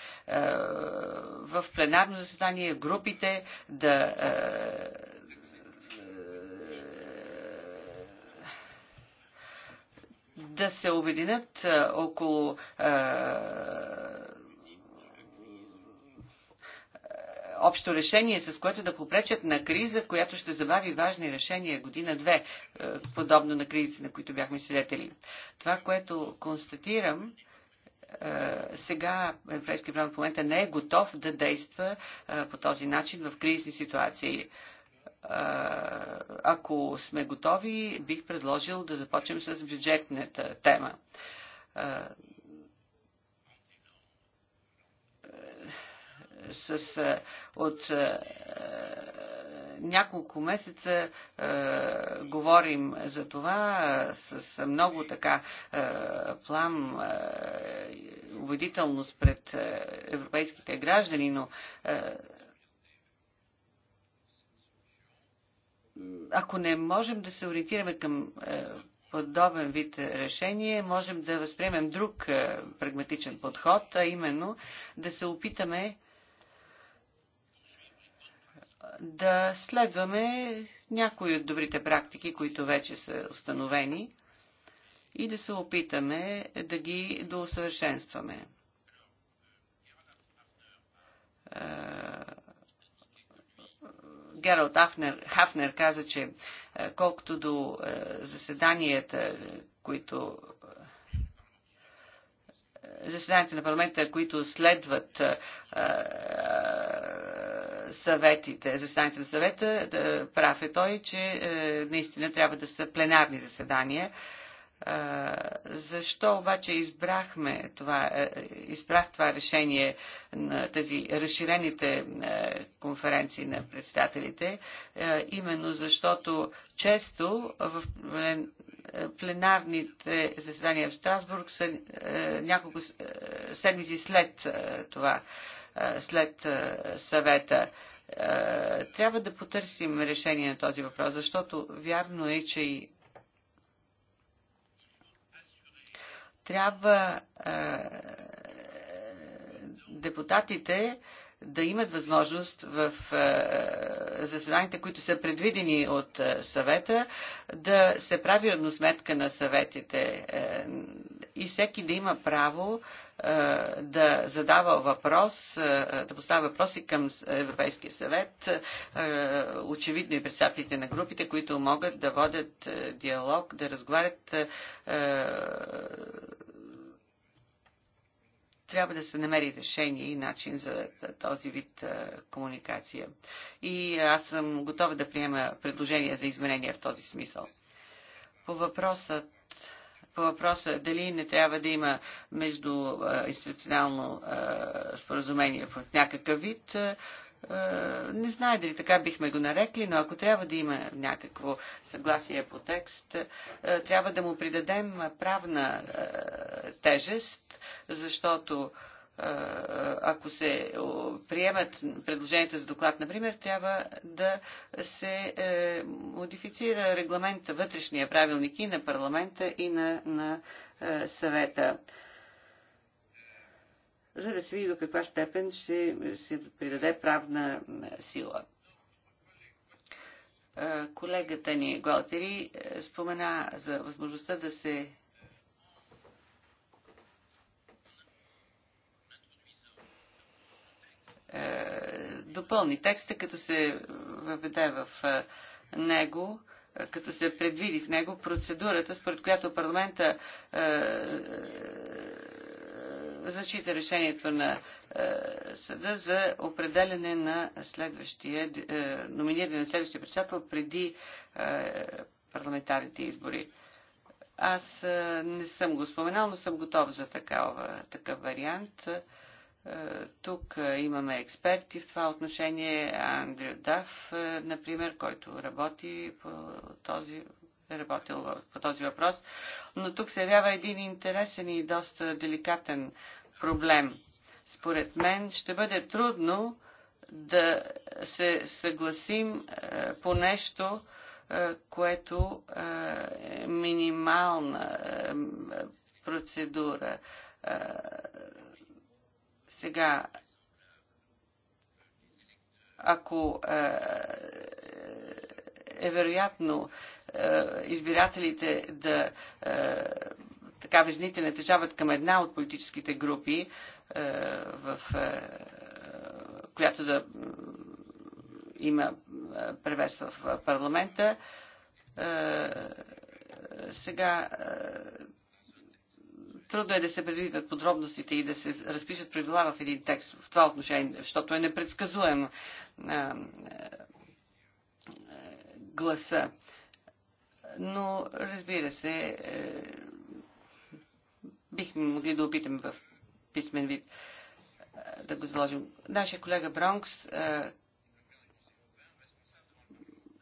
Speaker 6: В пленарно заседание групите да да се обединят е, около е, общо решение, с което да попречат на криза, която ще забави важни решения година-две, е, подобно на кризите, на които бяхме свидетели. Това, което констатирам, сега Европейския правил в момента не е готов да действа по този начин в кризисни ситуации ако сме готови, бих предложил да започнем с бюджетната тема. С, от няколко месеца е, говорим за това е, с много така е, плам е, убедителност пред е, европейските граждани, но е, ако не можем да се ориентираме към е, подобен вид решение, можем да възприемем друг е, прагматичен подход, а именно да се опитаме е, да следваме някои от добрите практики, които вече са установени и да се опитаме да ги доусъвършенстваме. Да Гералд Афнер, Хафнер каза, че е, колкото до е, заседанията, които е, заседанията на парламента, които следват съветите, заседанията на съвета, прав е той, че наистина трябва да са пленарни заседания. Защо обаче избрахме това, е, избрах това решение на тези разширените е, конференции на председателите? Е, именно защото често в пленарните заседания в Страсбург са няколко седмици след това, след съвета трябва да потърсим решение на този въпрос, защото вярно е, че и трябва е, депутатите да имат възможност в е, заседанията, които са предвидени от е, съвета, да се прави равносметка на съветите и всеки да има право е, да задава въпрос, е, да поставя въпроси към Европейския съвет, е, очевидно и председателите на групите, които могат да водят диалог, да разговарят. Трябва да се намери решение и начин за този вид комуникация. И аз съм готова да приема предложения за изменения в този смисъл. По въпросът по въпроса дали не трябва да има между институционално споразумение в някакъв вид, не знае дали така бихме го нарекли, но ако трябва да има някакво съгласие по текст, трябва да му придадем правна тежест, защото ако се приемат предложенията за доклад, например, трябва да се е, модифицира регламента, вътрешния правилник и на парламента, и на, на е, съвета за да се види до каква степен ще се придаде правна е, сила. Колегата ни Галтери спомена за възможността да се Е, допълни текста, като се въведе в е, него е, като се предвиди в него процедурата, според която парламента зачита решението на съда за определене на следващия, номиниране на следващия председател преди парламентарните избори. Аз не съм го споменал, но съм готов за такава, такъв вариант. Е, тук е, имаме експерти в това отношение. Андрю Даф, е, например, който работи по този работил по този въпрос. Но тук се явява един интересен и доста деликатен проблем. Според мен ще бъде трудно да се съгласим по нещо, което е минимална процедура сега, ако е, е вероятно е, избирателите да е, така не тежават към една от политическите групи, е, в е, която да има е, превес в е, парламента, е, сега е, Трудно е да се предвидят подробностите и да се разпишат правила в един текст в това отношение, защото е непредсказуем гласа. Но, разбира се, е, бихме могли да опитаме в писмен вид да го заложим. Нашия колега Бронкс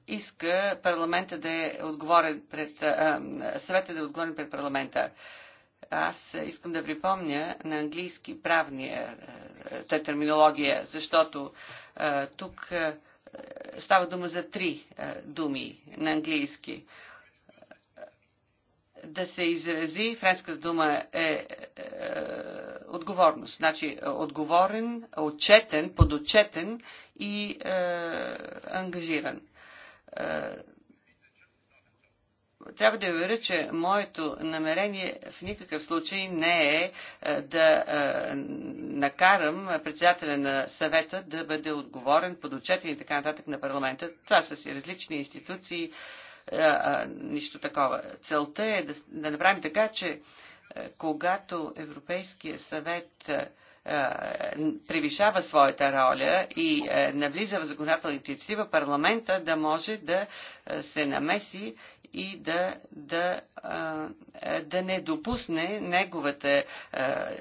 Speaker 6: иска парламента да е отговорен пред, съвета да е отговорен пред парламента. Аз искам да припомня на английски правния те е, терминология, защото е, тук е, става дума за три думи на английски. Да се изрази, френската дума е, е, е отговорност. Значи отговорен, отчетен, подотчетен и е, ангажиран трябва да уверя, че моето намерение в никакъв случай не е, е да е, накарам председателя на съвета да бъде отговорен, под подотчетен и така нататък на парламента. Това са си различни институции, е, нищо такова. Целта е да направим така, че когато Европейския съвет е, превишава своята роля и е, навлиза в законодателните инициатива, парламента да може да е, се намеси и да, да, да не допусне неговата,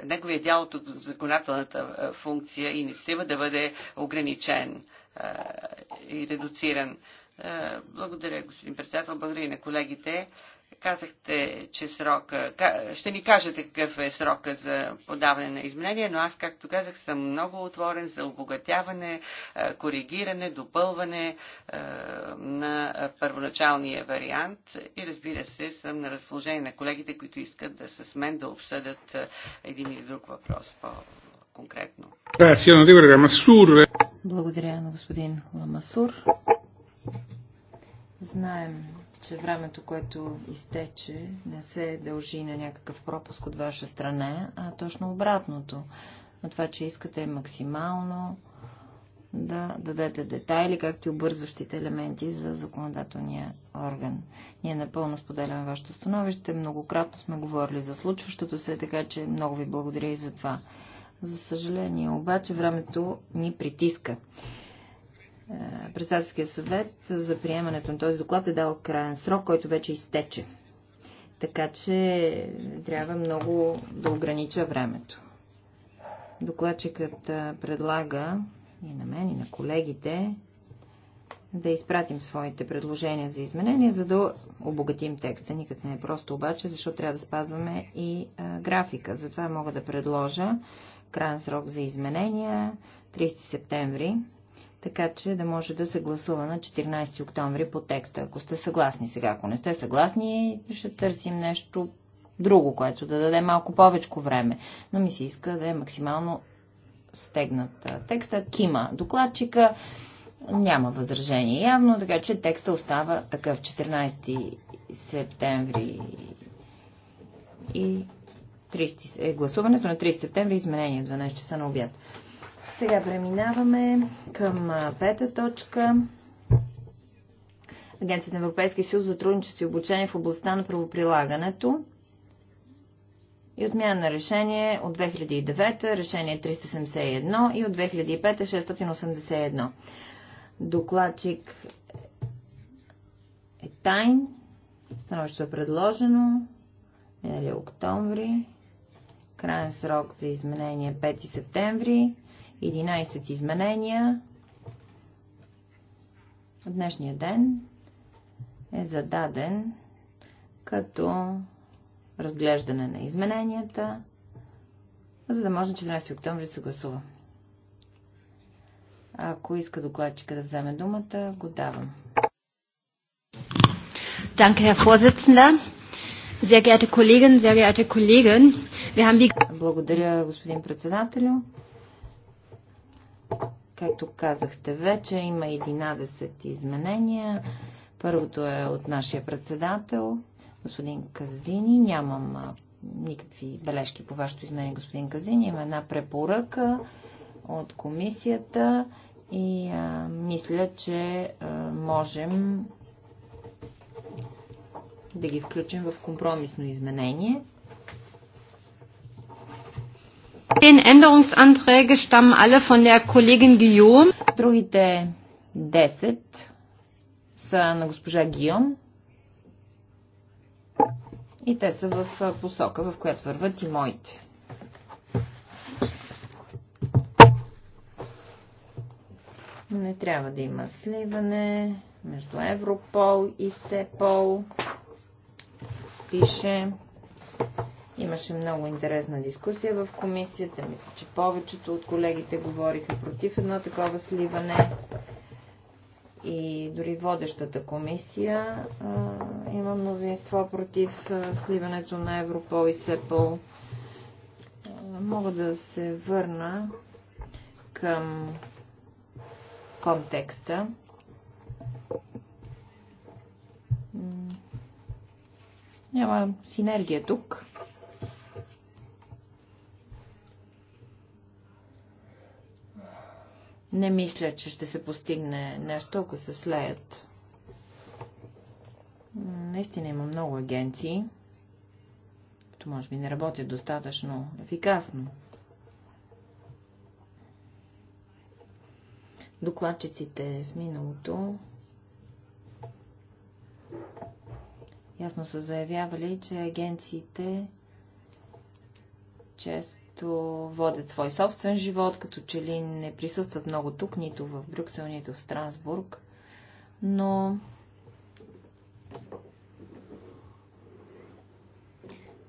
Speaker 6: неговия дял от законодателната функция и инициатива да бъде ограничен и редуциран. Благодаря, господин председател. Благодаря и на колегите. Казахте, че срока... Ще ни кажете какъв е срока за подаване на изменения, но аз, както казах, съм много отворен за обогатяване, е, коригиране, допълване е, на първоначалния вариант и разбира се, съм на разположение на колегите, които искат да с мен да обсъдят е, един или друг въпрос по-конкретно.
Speaker 1: Благодаря на господин
Speaker 5: Ламасур. Знаем че времето, което изтече, не се дължи на някакъв пропуск от ваша страна, а точно обратното. На това, че искате максимално да дадете детайли, както и обързващите елементи за законодателния орган. Ние напълно споделяме вашето становище. Многократно сме говорили за случващото се, така че много ви благодаря и за това. За съжаление, обаче времето ни притиска. Е, Председателския съвет за приемането на този доклад е дал крайен срок, който вече изтече. Така че трябва много да огранича времето. Докладчикът е, предлага и на мен, и на колегите да изпратим своите предложения за изменения, за да обогатим текста. Никак не е просто обаче, защото трябва да спазваме и е, графика. Затова мога да предложа крайен срок за изменения 30 септември така че да може да се гласува на 14 октомври по текста. Ако сте съгласни сега, ако не сте съгласни, ще търсим нещо друго, което да даде малко повече време. Но ми се иска да е максимално стегнат текста. Кима, докладчика, няма възражение явно, така че текста остава такъв 14 септември и 30, е, гласуването на 30 септември изменение в 12 часа на обяд. Сега преминаваме към пета точка. Агенцията на Европейския съюз за трудничество и обучение в областта на правоприлагането и отмяна на решение от 2009, решение 371 и от 2005 681. Докладчик е тайн. Становището е предложено. Минали октомври. Крайен срок за изменение 5 е септември. 11 изменения. Днешния ден е зададен като разглеждане на измененията, за да може на 14 октомври да се гласува. Ако иска докладчика да вземе думата, го давам. Danke, Herr Vorsitzender. Sehr geehrte sehr geehrte Kollegen, wir haben Благодаря, господин председателю. Както казахте вече, има 11 изменения. Първото е от нашия председател, господин Казини. Нямам никакви бележки по вашето изменение, господин Казини. Има една препоръка от комисията и а, мисля, че а, можем да ги включим в компромисно изменение. Другите 10 са на госпожа Гион. И те са в посока, в която върват и моите. Не трябва да има сливане между Европол и Сепол. Пише. Имаше много интересна дискусия в комисията. Мисля, че повечето от колегите говориха против едно такова сливане. И дори водещата комисия а, има мнозинство против а, сливането на Европол и СЕПОЛ. Мога да се върна към контекста. Няма синергия тук. Не мисля, че ще се постигне нещо, ако се слеят. Наистина има много агенции, които може би не работят достатъчно ефикасно. Докладчиците в миналото ясно са заявявали, че агенциите чест които водят свой собствен живот, като че ли не присъстват много тук, нито в Брюксел, нито в Страсбург. Но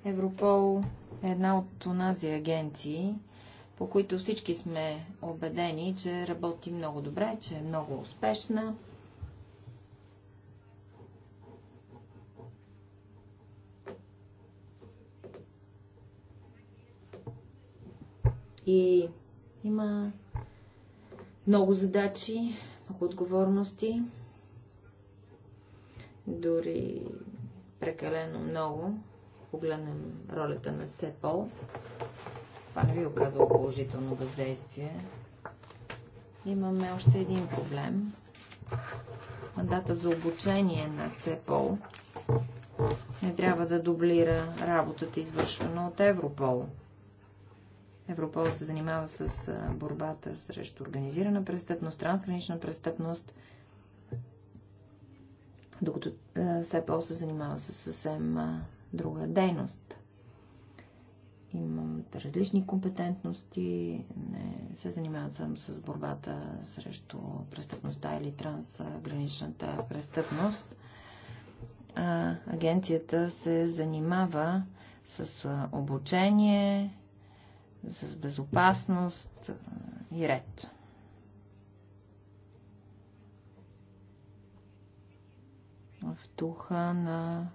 Speaker 5: Европол е една от тонази агенции, по които всички сме убедени, че работи много добре, че е много успешна. И има много задачи, много отговорности, дори прекалено много. Погледнем ролята на СЕПОЛ. Това не ви оказало положително въздействие. Имаме още един проблем. Мандата за обучение на СЕПОЛ не трябва да дублира работата, извършвана от Европол. Европол се занимава с борбата срещу организирана престъпност, трансгранична престъпност, докато СЕПОЛ се занимава с съвсем друга дейност. Имат различни компетентности, не се занимават само с борбата срещу престъпността или трансграничната престъпност. Агенцията се занимава с обучение, с безопасност и ред. В духа на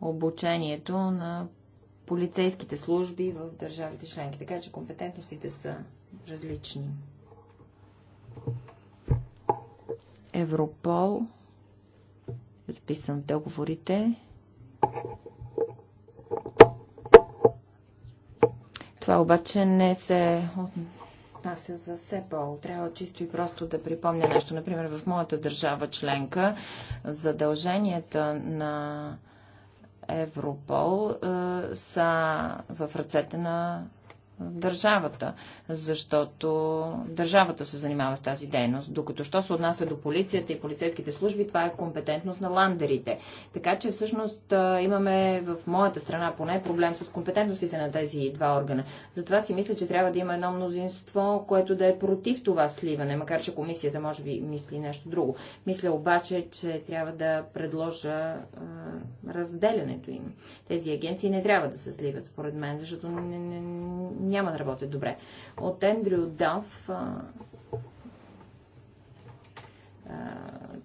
Speaker 5: обучението на полицейските служби в държавите членки. Така че компетентностите са различни. Европол, разписам в договорите, Това обаче не се отнася за СЕПОЛ. Трябва чисто и просто да припомня нещо. Например, в моята държава членка задълженията на Европол е, са в ръцете на държавата, защото държавата се занимава с тази дейност. Докато що се отнася до полицията и полицейските служби, това е компетентност на ландерите. Така че всъщност имаме в моята страна поне проблем с компетентностите на тези два органа. Затова си мисля, че трябва да има едно мнозинство, което да е против това сливане, макар че комисията може би мисли нещо друго. Мисля обаче, че трябва да предложа разделянето им. Тези агенции не трябва да се сливат, според мен, защото не, не, няма да работят добре. От Ендрю Дав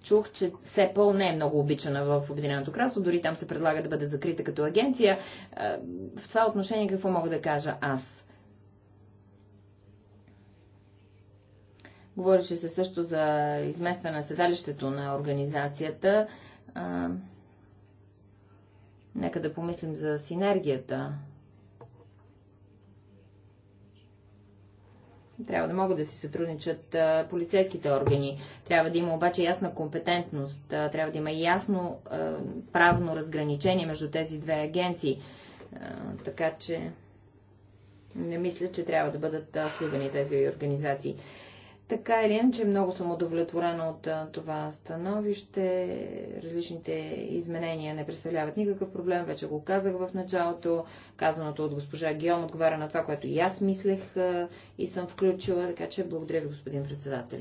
Speaker 5: чух, че СЕПЛ не е много обичана в Обединеното кралство, дори там се предлага да бъде закрита като агенция. В това отношение какво мога да кажа аз? Говореше се също за изместване на седалището на организацията. Нека да помислим за синергията Трябва да могат да си сътрудничат полицейските органи. Трябва да има обаче ясна компетентност. Трябва да има ясно правно разграничение между тези две агенции. Така че не мисля, че трябва да бъдат сливани тези организации. Така или иначе, много съм удовлетворена от това становище. Различните изменения не представляват никакъв проблем. Вече го казах в началото. Казаното от госпожа Геом отговаря на това, което и аз мислех и съм включила. Така че благодаря ви, господин председател.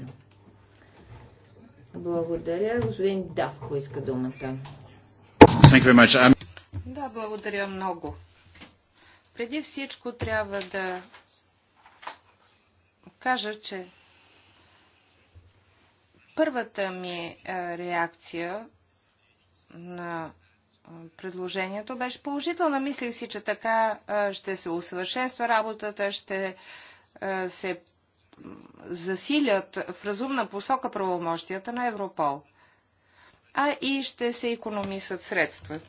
Speaker 5: Благодаря. Господин Давко иска думата.
Speaker 2: Um,
Speaker 4: да, благодаря много. Преди всичко трябва да кажа, че Първата ми е, реакция на е, предложението беше положителна. Мислих си, че така е, ще се усъвършенства работата, ще се засилят в разумна посока правомощията на Европол, а и ще се економисат средства.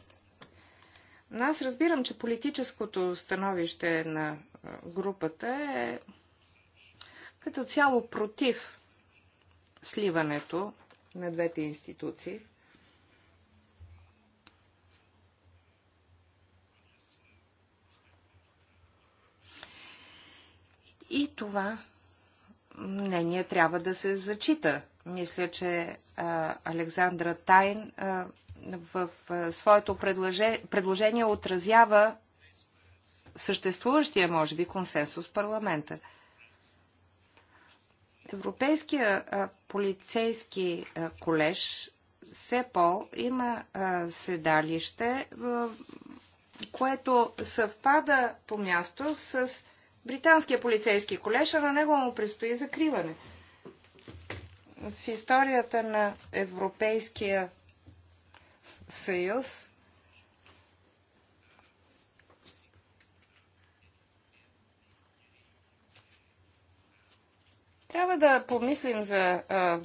Speaker 4: Но аз разбирам, че политическото становище на групата е като цяло против сливането на двете институции. И това мнение трябва да се зачита. Мисля, че Александра Тайн в своето предложение, предложение отразява съществуващия, може би, консенсус в парламента. Европейския полицейски колеж СЕПОЛ има седалище, което съвпада по място с Британския полицейски колеж, а на него му предстои закриване. В историята на Европейския съюз Трябва да помислим за а,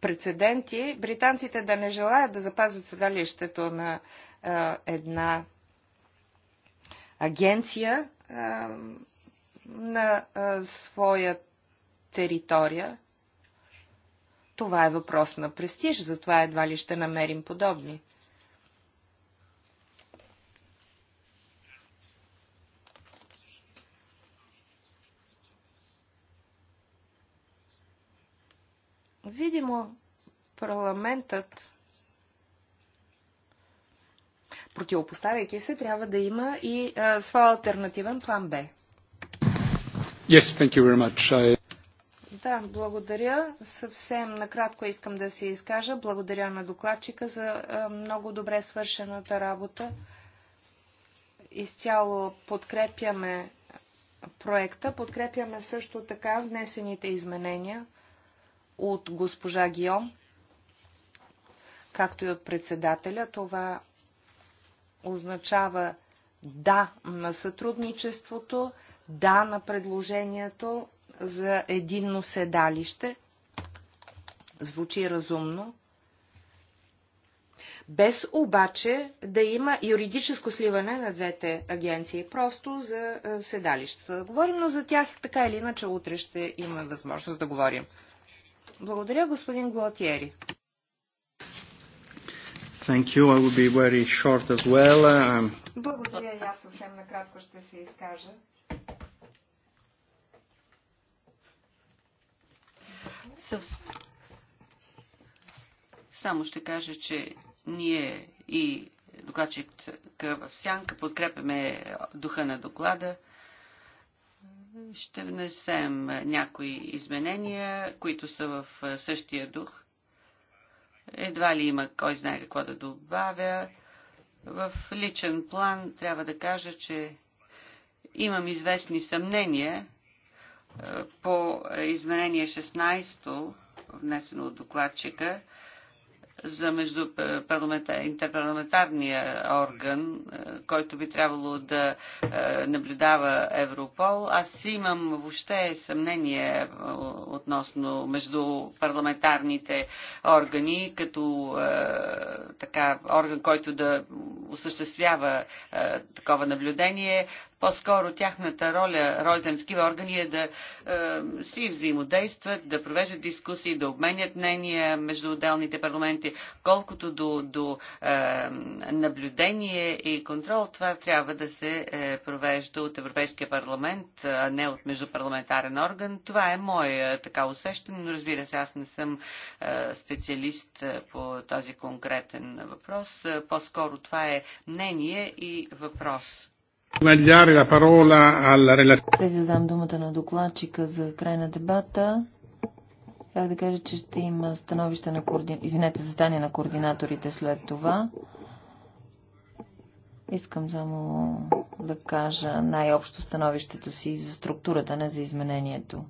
Speaker 4: прецеденти, британците да не желаят да запазят седалището на а, една агенция а, на а, своя територия. Това е въпрос на престиж, затова едва ли ще намерим подобни.
Speaker 3: Видимо,
Speaker 4: парламентът, противопоставяйки се, трябва да има и а, своя альтернативен план Б.
Speaker 1: Yes, thank you very much. I...
Speaker 4: Да, благодаря. Съвсем накратко искам да се изкажа. Благодаря на докладчика за а, много добре свършената работа. Изцяло подкрепяме проекта. Подкрепяме също така внесените изменения от госпожа Гиом, както и от председателя. Това означава да на сътрудничеството, да на предложението за единно седалище. Звучи разумно. Без обаче да има юридическо сливане на двете агенции, просто за е, седалищата. Говорим, но за тях така или иначе утре ще имаме възможност да говорим. Благодаря, господин Глотиери.
Speaker 1: Thank you. I will be very short as
Speaker 6: well. Um,
Speaker 4: Благодаря и аз съвсем накратко ще се изкажа.
Speaker 6: Само ще кажа, че ние и докладчик в Сянка подкрепяме духа на доклада ще внесем някои изменения, които са в същия дух. Едва ли има кой знае какво да добавя. В личен план трябва да кажа, че имам известни съмнения по изменение 16, внесено от докладчика, за е, интерпарламентарния орган, е, който би трябвало да е, наблюдава Европол. Аз имам въобще съмнение относно между парламентарните органи, като така, орган, който да осъществява такова наблюдение. По-скоро тяхната роля, ролята на такива органи е да е, си взаимодействат, да провеждат дискусии, да обменят мнения между отделните парламенти. Колкото до, до е, наблюдение и контрол, това трябва да се е, провежда от Европейския парламент, а не от междупарламентарен орган. Това е мое е, така усещане, но разбира се, аз не съм е, специалист е, по този конкретен въпрос. Е, по-скоро това е мнение и въпрос.
Speaker 1: Преди да дам
Speaker 5: думата на докладчика за край на дебата, трябва да кажа, че ще има становище на координаторите. Извинете, задание на координаторите след това. Искам само да кажа най-общо становището си за структурата, не за изменението.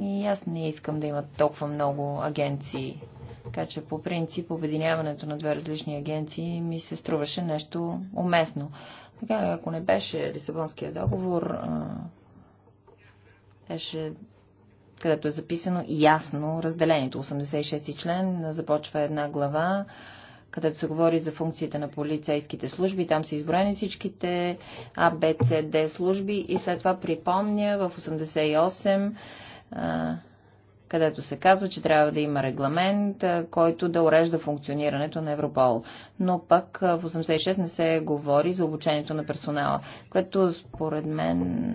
Speaker 5: И аз не искам да има толкова много агенции така че по принцип обединяването на две различни агенции ми се струваше нещо уместно. Така, ако не беше Лисабонския договор, беше където е записано ясно разделението. 86 член започва една глава, където се говори за функциите на полицейските служби. Там са изброени всичките А, Б, С, Д служби и след това припомня в 88 където се казва, че трябва да има регламент, който да урежда функционирането на Европол. Но пък в 86 не се говори за обучението на персонала, което според мен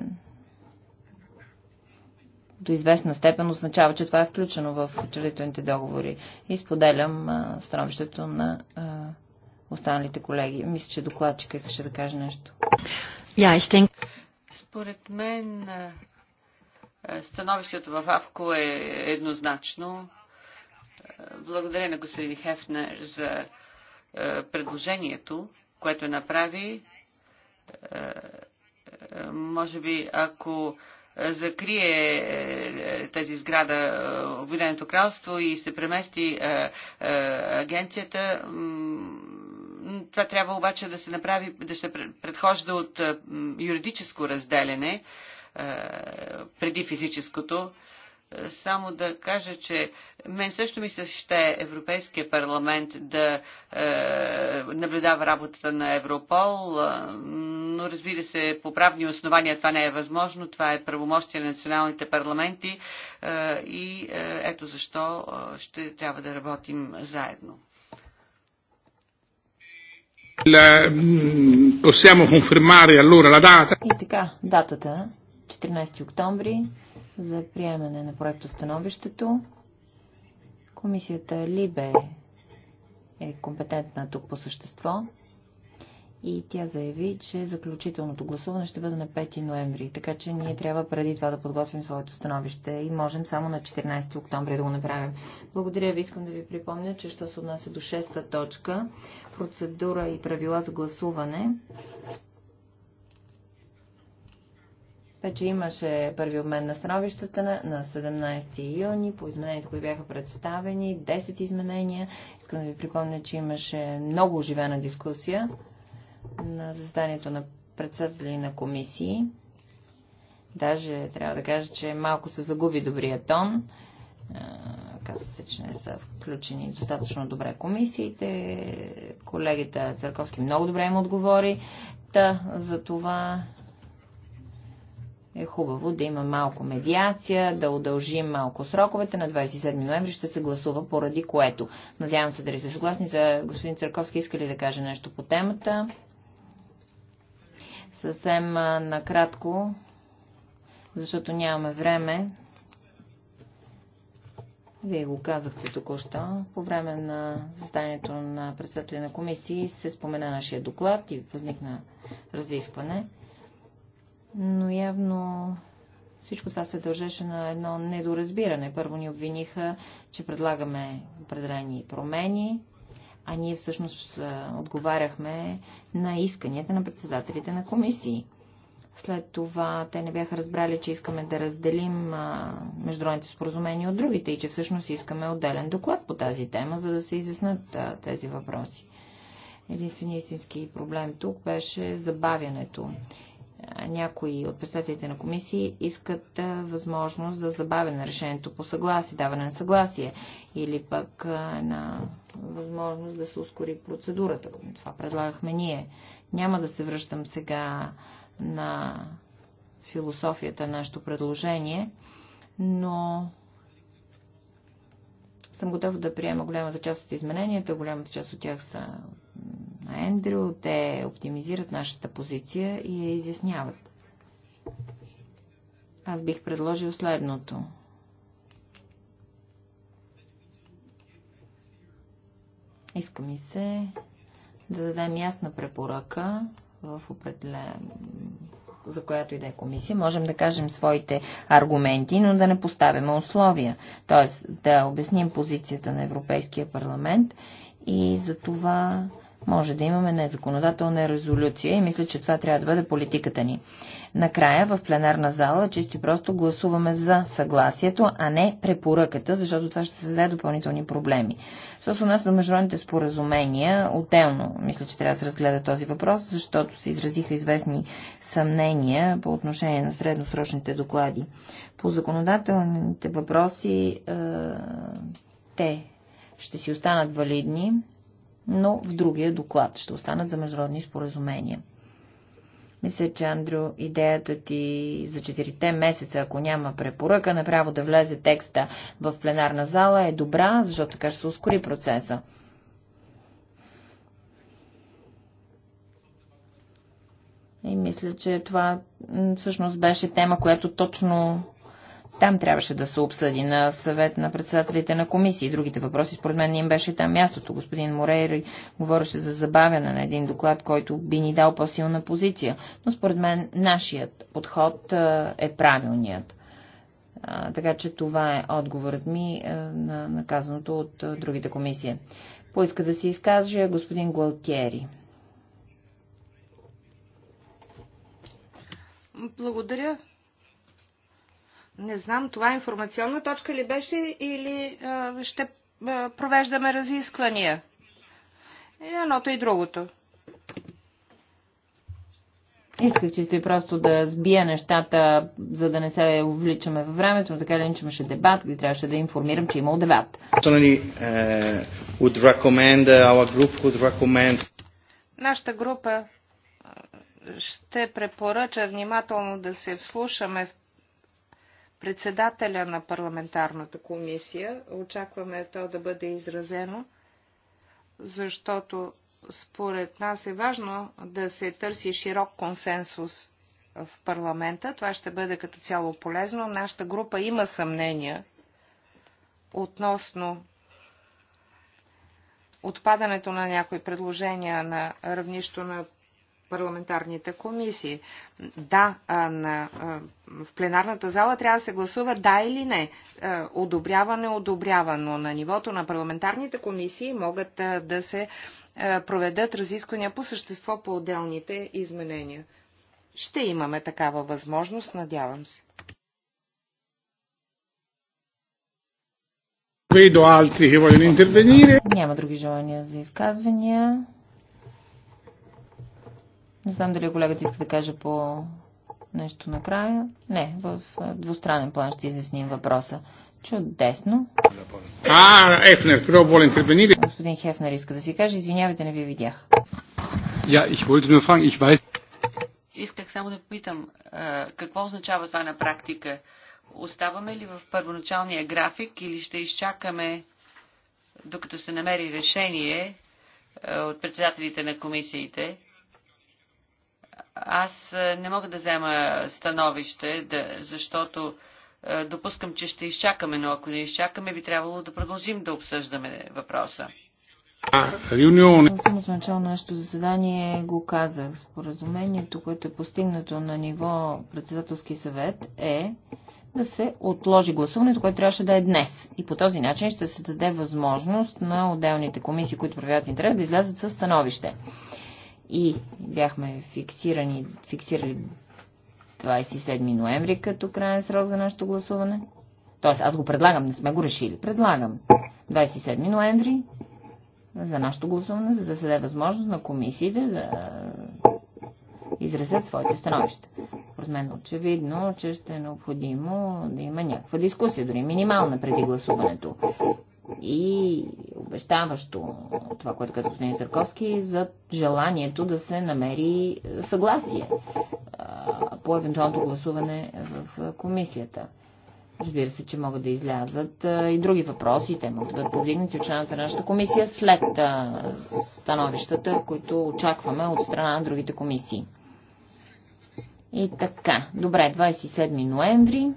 Speaker 5: до известна степен означава, че това е включено в учредителните договори. И споделям становището на останалите колеги. Мисля, че докладчика искаше да каже нещо.
Speaker 3: Yeah, think... Според
Speaker 6: мен Становището в АВКО е еднозначно. Благодаря на господин Хефнер за е, предложението, което направи. Е, е, може би, ако закрие тази сграда Обединеното кралство и се премести агенцията, това трябва обаче да се направи, да се предхожда от юридическо разделене е, преди физическото. Е, само да кажа, че мен също ми се ще Европейския парламент да е, наблюдава работата на Европол, е, но разбира се, по правни основания това не е възможно. Това е правомощие на националните парламенти е, и е, ето защо е, ще трябва да работим заедно.
Speaker 1: La, possiamo confermare allora la data.
Speaker 6: И така, датата
Speaker 5: 14 октомври за приемане на проекто становището. Комисията Либе е компетентна тук по същество и тя заяви, че заключителното гласуване ще бъде на 5 ноември, така че ние трябва преди това да подготвим своето становище и можем само на 14 октомври да го направим. Благодаря ви, искам да ви припомня, че що се отнася до 6 точка, процедура и правила за гласуване, вече имаше първи обмен на становищата на, 17 юни по измененията, които бяха представени, 10 изменения. Искам да ви припомня, че имаше много оживена дискусия на заседанието на председатели на комисии. Даже трябва да кажа, че малко се загуби добрия тон. Каза се, че не са включени достатъчно добре комисиите. Колегите Църковски много добре им отговори. Та, за това е хубаво да има малко медиация, да удължим малко сроковете. На 27 ноември ще се гласува, поради което. Надявам се дали се съгласни за господин Църковски. Иска ли да каже нещо по темата? Съвсем накратко, защото нямаме време. Вие го казахте току-що. По време на заседанието на председателя на комисии се спомена нашия доклад и възникна разискване но явно всичко това се дължеше на едно недоразбиране. Първо ни обвиниха, че предлагаме определени промени, а ние всъщност отговаряхме на исканията на председателите на комисии. След това те не бяха разбрали, че искаме да разделим международните споразумения от другите и че всъщност искаме отделен доклад по тази тема, за да се изяснат тези въпроси. Единственият истински проблем тук беше забавянето някои от представителите на комисии искат възможност за забавяне на решението по съгласие, даване на съгласие или пък на възможност да се ускори процедурата. Това предлагахме ние. Няма да се връщам сега на философията на нашето предложение, но съм готов да приема голямата част от измененията. Голямата част от тях са на Ендрю. Те оптимизират нашата позиция и я изясняват. Аз бих предложил следното. Иска ми се да дадем ясна препоръка в определен за която и да е комисия, можем да кажем своите аргументи, но да не поставяме условия. Тоест да обясним позицията на Европейския парламент и за това може да имаме незаконодателна резолюция и мисля, че това трябва да бъде политиката ни. Накрая в пленарна зала чисто и просто гласуваме за съгласието, а не препоръката, защото това ще създаде допълнителни проблеми. Що се отнася до международните споразумения, отделно мисля, че трябва да се разгледа този въпрос, защото се изразиха известни съмнения по отношение на средносрочните доклади. По законодателните въпроси е, те ще си останат валидни, но в другия доклад ще останат за международни споразумения. Мисля, че, Андрю, идеята ти за четирите месеца, ако няма препоръка, направо да влезе текста в пленарна зала е добра, защото така ще се ускори процеса. И мисля, че това всъщност беше тема, която точно там трябваше да се обсъди на съвет на председателите на комисии. Другите въпроси, според мен, им беше там мястото. Господин Морейр говореше за забавяне на един доклад, който би ни дал по-силна позиция. Но според мен нашият подход е правилният. Така че това е отговорът ми на наказаното от другите комисии. Поиска да се изкаже господин Гуалтиери.
Speaker 4: Благодаря. Не знам, това е информационна точка ли беше или а, ще а, провеждаме разисквания? Едното и другото.
Speaker 5: Исках чисто и просто да сбия нещата, за да не се увличаме във времето, но така ли че имаше дебат, и трябваше да информирам, че имал дебат.
Speaker 4: Е, uh, Нашата група ще препоръча внимателно да се вслушаме в председателя на парламентарната комисия. Очакваме то да бъде изразено, защото според нас е важно да се търси широк консенсус в парламента. Това ще бъде като цяло полезно. Нашата група има съмнения относно отпадането на някои предложения на равнището на парламентарните комисии. Да, а на, а, в пленарната зала трябва да се гласува да или не. А, одобряване, одобрявано. На нивото на парламентарните комисии могат а, да се а, проведат разисквания по същество по отделните изменения. Ще имаме такава възможност, надявам се.
Speaker 5: Няма други желания за изказвания. Не знам дали колегата иска да каже по нещо накрая. Не, в двустранен план ще изясним въпроса. Чудесно. А, Ефнер, però vuole intervenire. Господин Хефнер иска да си каже, извинявайте, не ви видях.
Speaker 1: Я, их волите nur fragen, их weiß...
Speaker 6: Исках само да попитам, какво означава това на практика? Оставаме ли в първоначалния график или ще изчакаме, докато се намери решение от председателите на комисиите? Аз е, не мога да взема становище, да, защото е, допускам, че ще изчакаме, но ако не изчакаме, би трябвало да продължим да обсъждаме въпроса.
Speaker 5: На самото начало на нашето заседание го казах. Споразумението, което е постигнато на ниво председателски съвет е да се отложи гласуването, което трябваше да е днес. И по този начин ще се даде възможност на отделните комисии, които проявяват интерес, да излязат със становище и бяхме фиксирани, фиксирали 27 ноември като крайен срок за нашето гласуване. Тоест, аз го предлагам, не сме го решили. Предлагам 27 ноември за нашето гласуване, за да се даде възможност на комисиите да изразят своите становища. Според мен очевидно, че ще е необходимо да има някаква дискусия, дори минимална преди гласуването и обещаващо това, което каза господин Сърковски, за желанието да се намери е, съгласие по евентуалното гласуване в е, комисията. Разбира се, че могат да излязат е, и други въпроси. Те могат да бъдат повдигнати от членовете на нашата комисия след становищата, които очакваме от страна на другите комисии. И така, добре, 27 ноември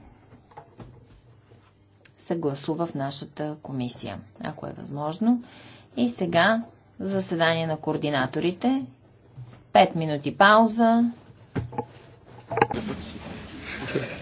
Speaker 5: се гласува в нашата комисия, ако е възможно. И сега заседание на координаторите. 5 минути пауза. Okay.